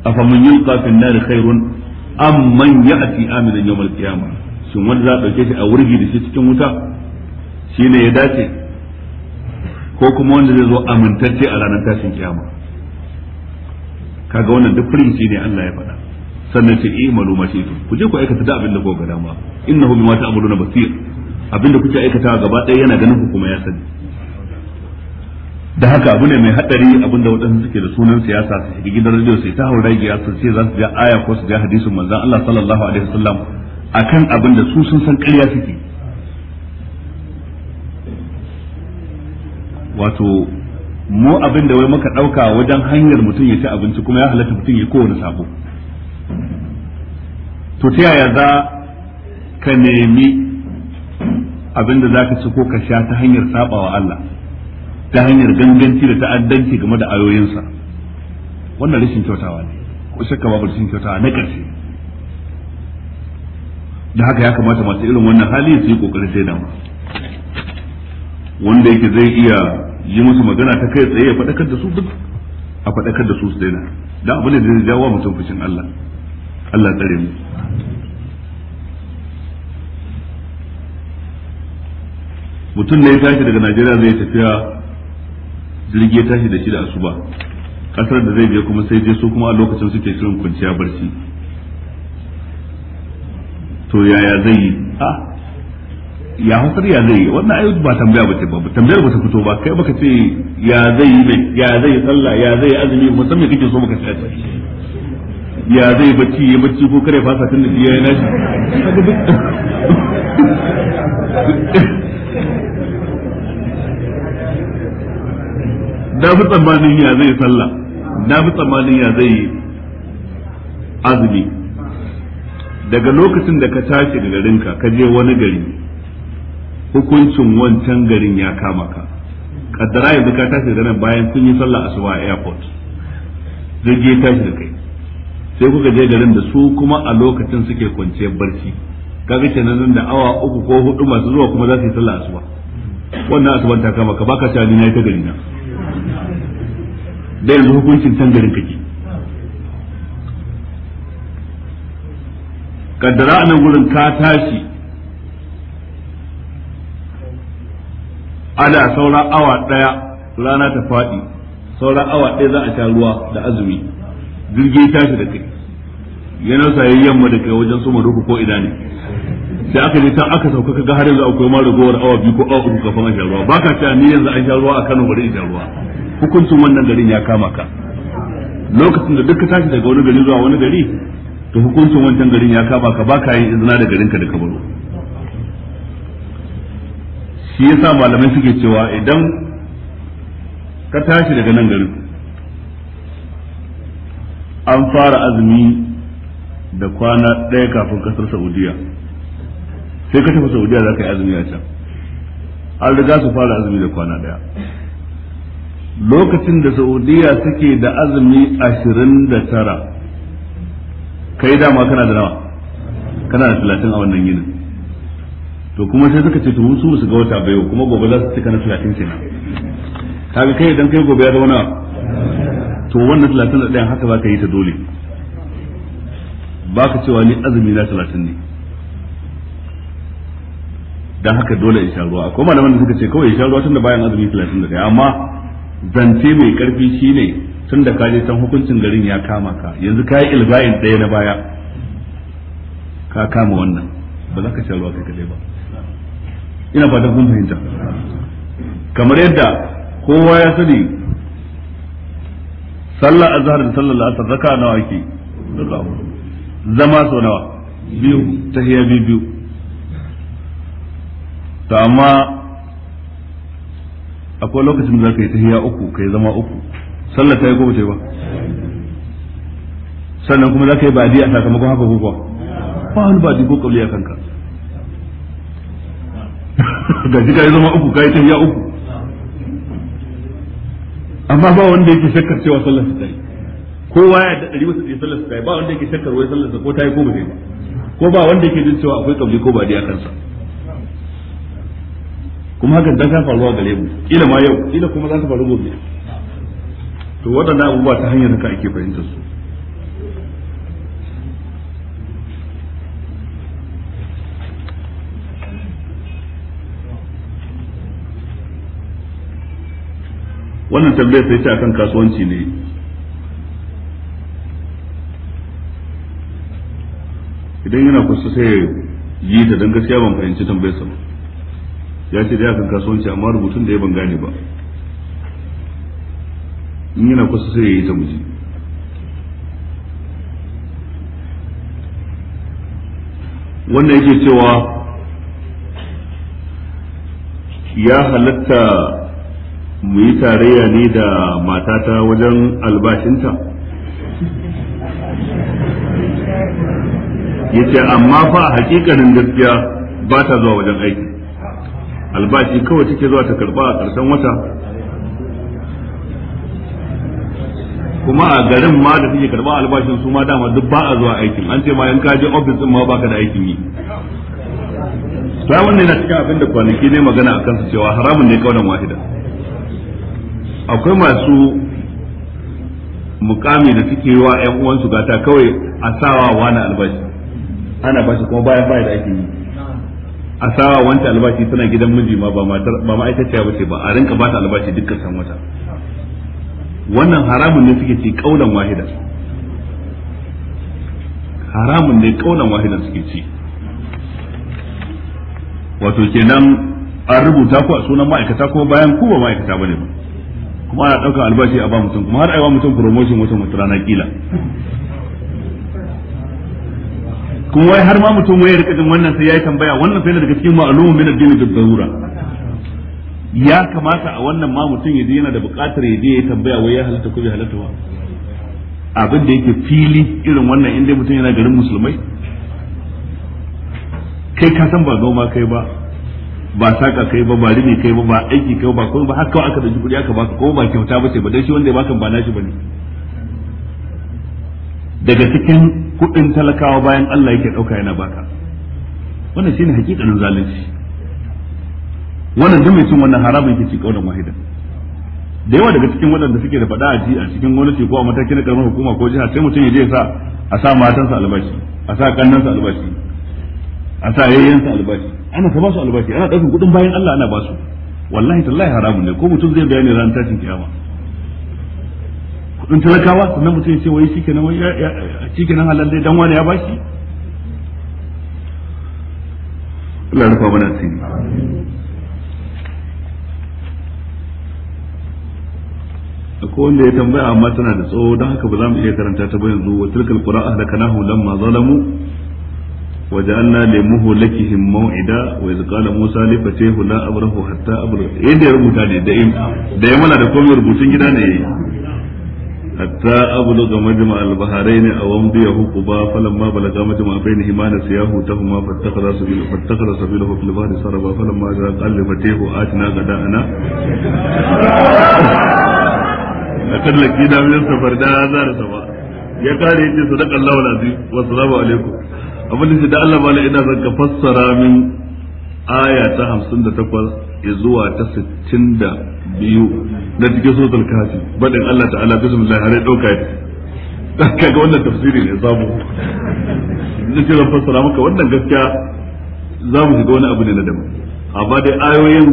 [SPEAKER 1] afaman yulqa kafin na nar khairun am man ya'ti aminan yawm al-qiyamah shin wanda za a dauke shi a wurgi da shi cikin wuta shine ya dace ko kuma wanda zai zo amintacce a ranar tashin kiyama kaga wannan duk shi ne Allah ya faɗa sannan ce eh malu mashi ku je ku aikata da abin da ku ga dama innahu bima ta'maluna basir abin da kuke aikata gaba ɗaya yana ganin ku kuma ya sani da haka abu ne mai hadari abinda waɗansu suke da sunan siyasa su shiga gidan radio sai ta haura giya su ce za su ga aya ko su ga hadisin manzon Allah sallallahu alaihi wasallam akan abin da su sun san ƙarya suke wato mu abin da wai muka ɗauka wajen hanyar mutum ya ci abinci kuma ya halatta mutum ya kowane sabo to ta yaya za ka nemi abin da za ka ci ko ka sha ta hanyar sabawa Allah ta hanyar ganganci da ta'addanci game da ayoyinsa wannan rashin kyautawa ne ko shakka babu rashin kyautawa na ƙarshe da haka ya kamata masu irin wannan hali su yi kokarin sai dama wanda yake zai iya yi musu magana ta kai tsaye ya faɗakar da su duk a faɗakar da su su daina da abu ne da zai jawo mutum fushin Allah Allah tsare mu mutum ne ya tashi daga Najeriya zai tafiya jirgi ya tashi da shi da asuba kasar da zai je kuma sai je su kuma a lokacin suke shirin kwanciya barci to yaya zai yi a ya hukar ya zai yi wannan ayyuka ba tambaya ba ce ba tambayar ba ta fito ba kai baka ce ya zai yi mai ya zai yi tsalla ya zai yi azumi musamman kake so baka ce ya zai bacci ya bacci ko kare fasa tun da ya nashi na fi tsammanin ya zai sallah na fi tsammanin ya zai azumi daga lokacin da ka tashi da garinka ka je wani gari hukuncin wancan garin ya kama ka kaddara yanzu ka tashi da nan bayan sun yi sallah asuba a airport Zai je tashi da kai sai kuka je garin da su kuma a lokacin suke kwanciyar barci kaga kenan nan da awa uku ko hudu masu zuwa kuma za su yi sallah asuba wannan asuban ta kama ka baka cewa ni na ita ta gari na da yanzu hukuncin can garin kake kaddara a nan gurin ka tashi ana saura awa ɗaya rana ta faɗi saura awa ɗaya za a sha ruwa da azumi jirgi tashi da kai yana sayayyan yamma da kai wajen suma maruku ko ina sai aka je ta aka sauka kaga har yanzu akwai ma rigowar awa biyu ko awa uku kafin a sha ruwa baka cewa ni yanzu an sha ruwa a Kano bari in sha ruwa hukuncin wannan garin ya kama ka lokacin da duka tashi daga wani gari zuwa wani gari to hukuncin wancan garin ya kama ka baka yin izina da garin ka da ka baro shi yasa malamai suke cewa idan ka tashi daga nan garin an fara azumi da kwana ɗaya kafin kasar saudiya sai ka tafi saudiya za ka yi azumi a can an riga su fara azumi da kwana daya lokacin da saudiya suke da azumi ashirin da tara kai dama kana da nawa kana da talatin a wannan yinin to kuma sai suka ce tuhum su su ga wata bayo kuma gobe za su cika na talatin kenan kaga kai idan kai gobe ya zauna to wannan talatin da ɗayan haka za ka yi ta dole ba ka cewa ni azumi na talatin ne dan haka dole in sha ruwa akwai malaman da suka ce kawai in sha ruwa tunda bayan azumi 31 amma zance mai karfi shine tun da kaje san hukuncin garin ya kama ka yanzu ka yi ilga'in ɗaya na baya ka kama wannan ba za ka sha ruwa kai kaɗai ba ina fatan kun fahimta kamar yadda kowa ya sani sallar azhar da sallar la'asar raka nawa ake zama sau nawa biyu tahiyya biyu biyu to amma akwai lokacin da zaka yi tahiya uku kai zama uku sallar ta yi ko ba ta yi ba sannan kuma zaka yi ba'di a sakamakon haka ko ba wani ba'di ko kauli a kanka <laughs> ga ji kai zama uku kai tahiya uku amma ba wanda yake shakkar cewa sallar ta yi kowa ya da dari wasu tsaye sallar ta yi ba wanda yake shakkar wai sallar ta ko ta yi ko ba ta yi ba ko ba wanda yake jin cewa akwai kauli ko ba'di a kansa kuma haka dan ta faruwa gare mu kila ma yau kila kuma za ta faru gobe to waɗannan abubuwa ta hanyar haka ake fahimtar su wannan tambayar sai ta kan kasuwanci ne idan yana kusa sai yi ta don gaskiya ban fahimci tambayar sa ba ya ce da ya kan kasuwanci amma rubutun da ya ban gane ba in yana kusa sai ya yi ta muji wannan yake cewa ya halatta mu yi tarayya ne da matata wajen albashinta
[SPEAKER 3] ya ce amma fa a
[SPEAKER 1] hakikanin gaskiya ba ta zuwa wajen aiki albashi kawai take zuwa ta karba a ƙarshen wata kuma a garin ma da take karba albashin su ma dama duk ba a zuwa aikin an ce ma in ka je office din ma ka da aikin yi ta wannan na cikin abin da kwanaki ne magana a kansu cewa haramun ne kaunan wahida akwai masu mukami da suke wa 'yan uwansu gata kawai a sawa wani albashi ana bashi kuma bayan baya da aikin yi a sawa wancan albashi tana gidan miji ma ba matar ba ma'aikaciya bace ba a rinka ba ta albashi dukkan san wata wannan haramun ne suke ci kaulan wahida haramun ne kaulan wahida suke ci wato kenan an rubuta ku a sunan ma'aikata kuma bayan ku ba ma'aikata bane ba kuma ana ɗaukar albashi a ba mutum kuma har aiwa mutum promotion wata mutum rana kila kuma wai har ma mutum wai ya rika jin wannan sai yayi tambaya wannan sai daga cikin ma'lumun min addini da darura ya kamata a wannan ma mutum ya yana da buƙatar ya je ya tambaya wai ya halatta ko bai halatta ba abin da yake fili irin wannan inda mutum yana garin musulmai kai ka san ba noma kai ba ba saka kai ba ba rini kai ba ba aiki kai ba kuma ba har kawai aka da kudi aka baka ko ba kyauta ba ce ba dan shi wanda ya baka ba nashi bane daga cikin kudin talakawa bayan Allah yake dauka yana baka wannan shine hakikanin zalunci wannan duk sun wannan haramun yake cikin kaulan wahida da yawa daga cikin waɗanda suke da fada a cikin gwamnati ko a mataki na karamar hukuma ko jiha sai mutum ya je sa a sa matansa albashi a sa kannansa albashi a sa yayyansa albashi ana ta basu albashi ana ɗaukar kuɗin bayan Allah ana basu wallahi tallahi haramun ne ko mutum zai bayani ran tashin kiyama in talakawa sannan mutum ya ce wai shi kenan shi kenan halal dai dan wani ya bashi Allah rufa mana sini. akwai wanda ya tambaya amma tana da tsawo don haka ba za mu iya karanta ta ba yanzu wa tilkal da kanahu lamma zalamu wa ja'alna li muhlikihim maw'ida wa iz qala musa li fatihu la abrahu hatta ablu yadda ya rubuta ne da yamma da komai rubutun gida ne حتى أبلغ مجمع البحرين أو أمضيه قبا فلما بلغ مجمع بينهما نسيا هوتهما فاتخذ سبيله فاتخذ سبيله في البحر سربا فلما جاء قال لفتيه آتنا غداءنا لقد لقينا من السفر دا هزار سوا يا قال يجي صدق الله العظيم والسلام عليكم أبل da da Allah bala ina zan من fassara min aya ta 58 zuwa ta biyu na cikin sotar kafi Baɗin Allah ta'ala bismillah ɗauka ya ɗauka <laughs> ga wannan tafsiri ne samu nake zan fassara maka wannan gaskiya za mu shiga wani abu ne na daban amma dai ayoyin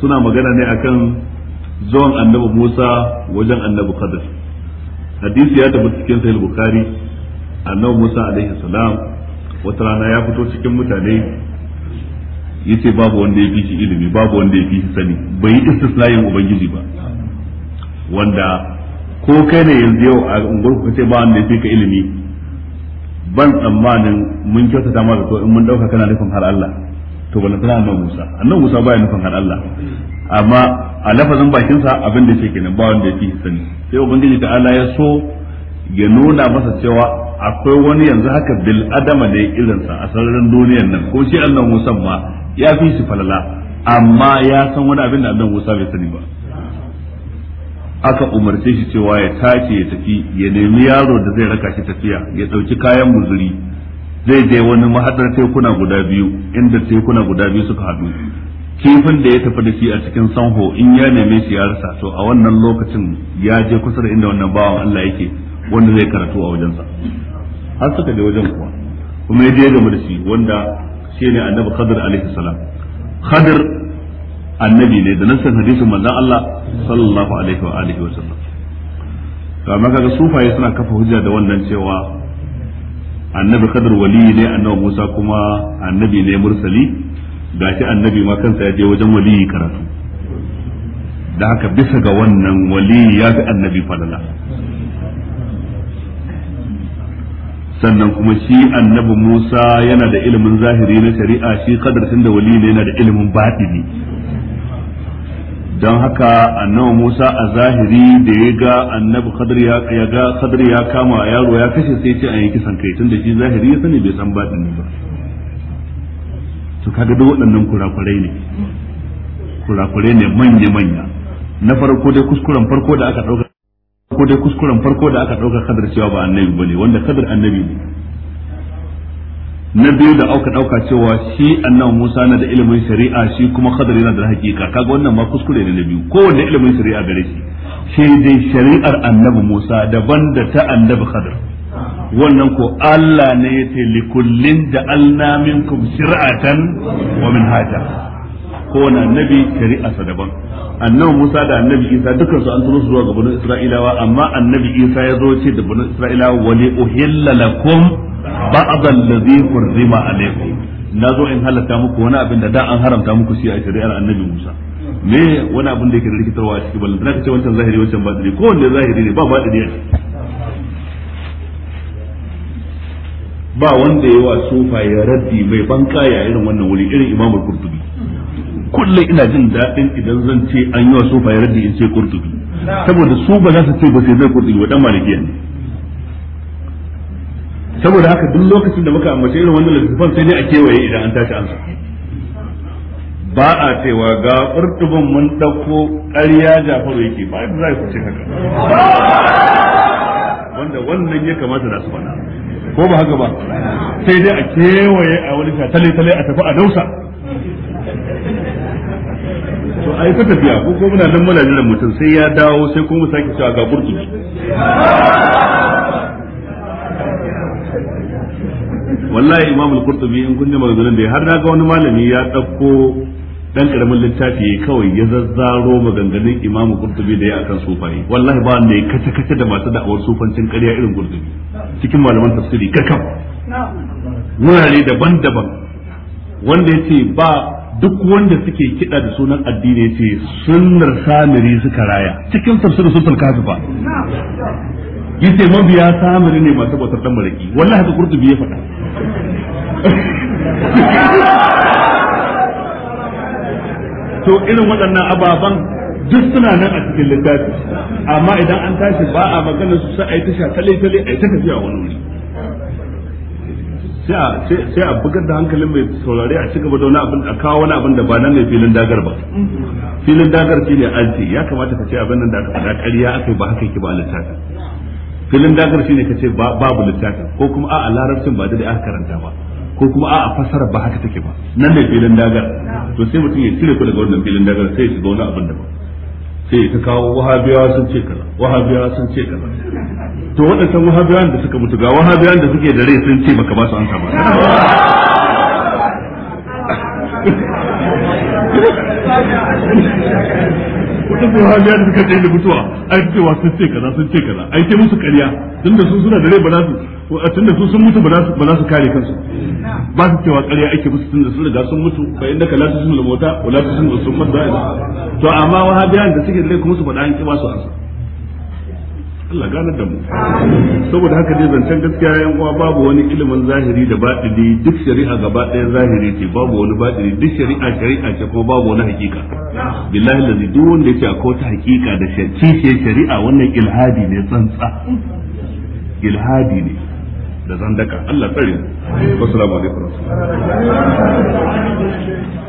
[SPEAKER 1] suna magana ne akan zuwan annabi Musa wajen annabi kadar hadisi ya tabbata cikin sahih Bukhari annabi Musa alaihi salam wata rana ya fito cikin mutane yace babu wanda ya fi shi ilimi babu wanda ya fi shi sani bai yi istislayin ubangiji ba wanda ko kai ne yanzu yau a unguwar ku ce ba wanda ya fi ka ilimi ban tsammanin mun kyautata ma to in mun dauka kana nufin har Allah to balla tana annabi Musa annabi Musa baya nufin har Allah amma a lafazin bakin sa abin da yake kenan ba wanda ya fi sani sai ubangiji ta Allah ya so ya nuna masa cewa akwai wani yanzu haka bil adama ne irinsa a sararin duniyar nan ko shi annabi Musa ma ya fi shi falala amma ya san wani abin da annabi Musa bai sani ba aka umarce shi cewa ya tace ya tafi ya nemi yaro da zai raka shi tafiya ya ɗauki kayan muzuri zai je wani mahadar tekuna guda biyu inda tekuna guda biyu suka haɗu kifin da ya tafi da shi a cikin sanho in ya neme shi ya rasa to a wannan lokacin ya je kusa da inda wannan bawan Allah yake wanda zai karatu a wajensa har suka je wajen kuwa kuma ya je da shi wanda shi ne annabi khadir alaihi salam khadir annabi ne da nassan hadisin manzon Allah sallallahu alaihi wa alihi wa sallam to amma kaga sufaye suna kafa hujja da wannan cewa annabi khadir wali ne annabi Musa kuma annabi ne mursali gashi annabi ma kansa ya je wajen wali karatu da haka bisa ga wannan wali ya fi annabi falala sannan kuma shi annabi Musa yana da ilimin zahiri na shari'a shi kadar da wali ne yana da ilimin batini don haka annabi Musa a zahiri da ya ga annabi kadar ya ga kadar ya kama yaro ya kashe sai ce an yi kisan kai tunda shi zahiri ya sani bai san batini ba to kaga duk waɗannan kurakurai ne kurakurai ne manya manya na farko dai kuskuren farko da aka ɗauka. ko dai kuskuren farko da aka dauka kadar cewa ba annabi ne wanda kadar annabi ne na biyu da auka ɗauka cewa shi annabi Musa na da ilimin shari'a shi kuma kadar yana da hakika kaga wannan ma kuskure ne na biyu kowanne ilimin shari'a gare shi sai dai shari'ar annabi Musa daban da ta annabi kadar wannan ko Allah ne ya ce likullin da alna minkum shir'atan wa minhaja kowane annabi shari'a daban annabi Musa da annabi Isa dukkan su an turo su zuwa ga Isra'ila Isra'ilawa amma annabi Isa ya zo ce da banu Isra'ilawa wali uhilla lakum
[SPEAKER 2] ba'd
[SPEAKER 1] allazi hurrima alaykum na zo in halatta muku wani abin da da an haramta muku shi a shari'ar annabi Musa me wani abin da yake da rikitarwa a cikin ballan zaka ce wancan zahiri wancan batini ko wanda zahiri ne ba batini ne ba wanda wa sofa ya raddi mai banka ya irin wannan wuri irin imamul qurtubi kullum ina jin daɗin idan zan ce an yi wa sofa ya raddi in ce kurtubi saboda su ba za su ce ba sai zai kurtubi wa ɗan malikiya ne saboda haka duk lokacin da muka ambace irin wannan littafin sai dai a kewaye idan an tashi ansa ba a cewa ga kurtubin mun ɗauko ƙarya jafaru yake ba yadda za ku ce haka wanda wannan ya kamata da su faɗa ko ba haka ba sai dai a kewaye a wani tale-tale a tafi a dausa ai ta tafiya ko ko muna nan muna jiran mutum sai ya dawo sai ko mu sake cewa ga burki wallahi imam al-qurtubi in kun ji da har na ga wani malami ya dauko dan karamin littafi kawai ya zazzaro maganganun imam qurtubi da ya akan sufayi wallahi ba wanda ya kace kace da masu da'awar sufancin ƙarya irin qurtubi cikin malaman tafsiri kakam wurare daban-daban wanda yace ba duk wanda suke kiɗa da sunan addini ce sunnar samiri suka raya cikin tafsirin sun kafi ba yace biya samiri ne masu bautar dan maraki wallahi haka kurtubi ya faɗa to irin waɗannan ababan duk suna nan a cikin littafi amma idan an tashi ba a maganar su sai a yi ta shakale-kale a ta tafiya wani wuri sai a bugar da hankalin mai saurari a ci gaba da wani a kawo wani abin da ba nan ne filin dagar ba filin dagar shi ne alti ya kamata ka ce abin nan da aka faɗa ƙarya aka ba haka yake ba a littafin filin dagar shi ne ka ce babu littafin ko kuma a'a larabcin ba da aka karanta ba ko kuma a'a fasarar ba haka take ba nan ne filin dagar to sai mutum ya cire ku daga wannan filin dagar sai ya shiga wani abin da ba sai ta kawo wahabiyawa sun ce kaza wahabiyawa sun ce kaza to waɗannan wahabiyawan da suka mutu ga wahabiyawan da suke da rai sun ce maka ba su an sama
[SPEAKER 3] <laughs> wata sai hajiya da suka tsaye da
[SPEAKER 1] mutuwa ai cewa sun ce kaza sun ce kaza ai sai musu ƙarya tunda su suna da rai ba za su tunda su sun mutu ba za su ba za su kare kansu ba su cewa ƙarya ake musu tunda sun riga sun mutu fa inda kala su sun lamota wala su sun sun mata to amma wahabiyan da suke da rai kuma su faɗa an kiba su ansa Allah ganar da mu saboda haka dai zancen gaskiya yan uwa babu wani ilimin zahiri da batini duk shari'a gaba ɗaya zahiri ce babu wani batini duk shari'a shari'a ce kuma babu wani hakika billahi lazi duk wanda yake akwai wata hakika da shi shari'a wannan ilhadi ne tsantsa ilhadi ne da zandaka Allah tsare mu assalamu
[SPEAKER 3] alaikum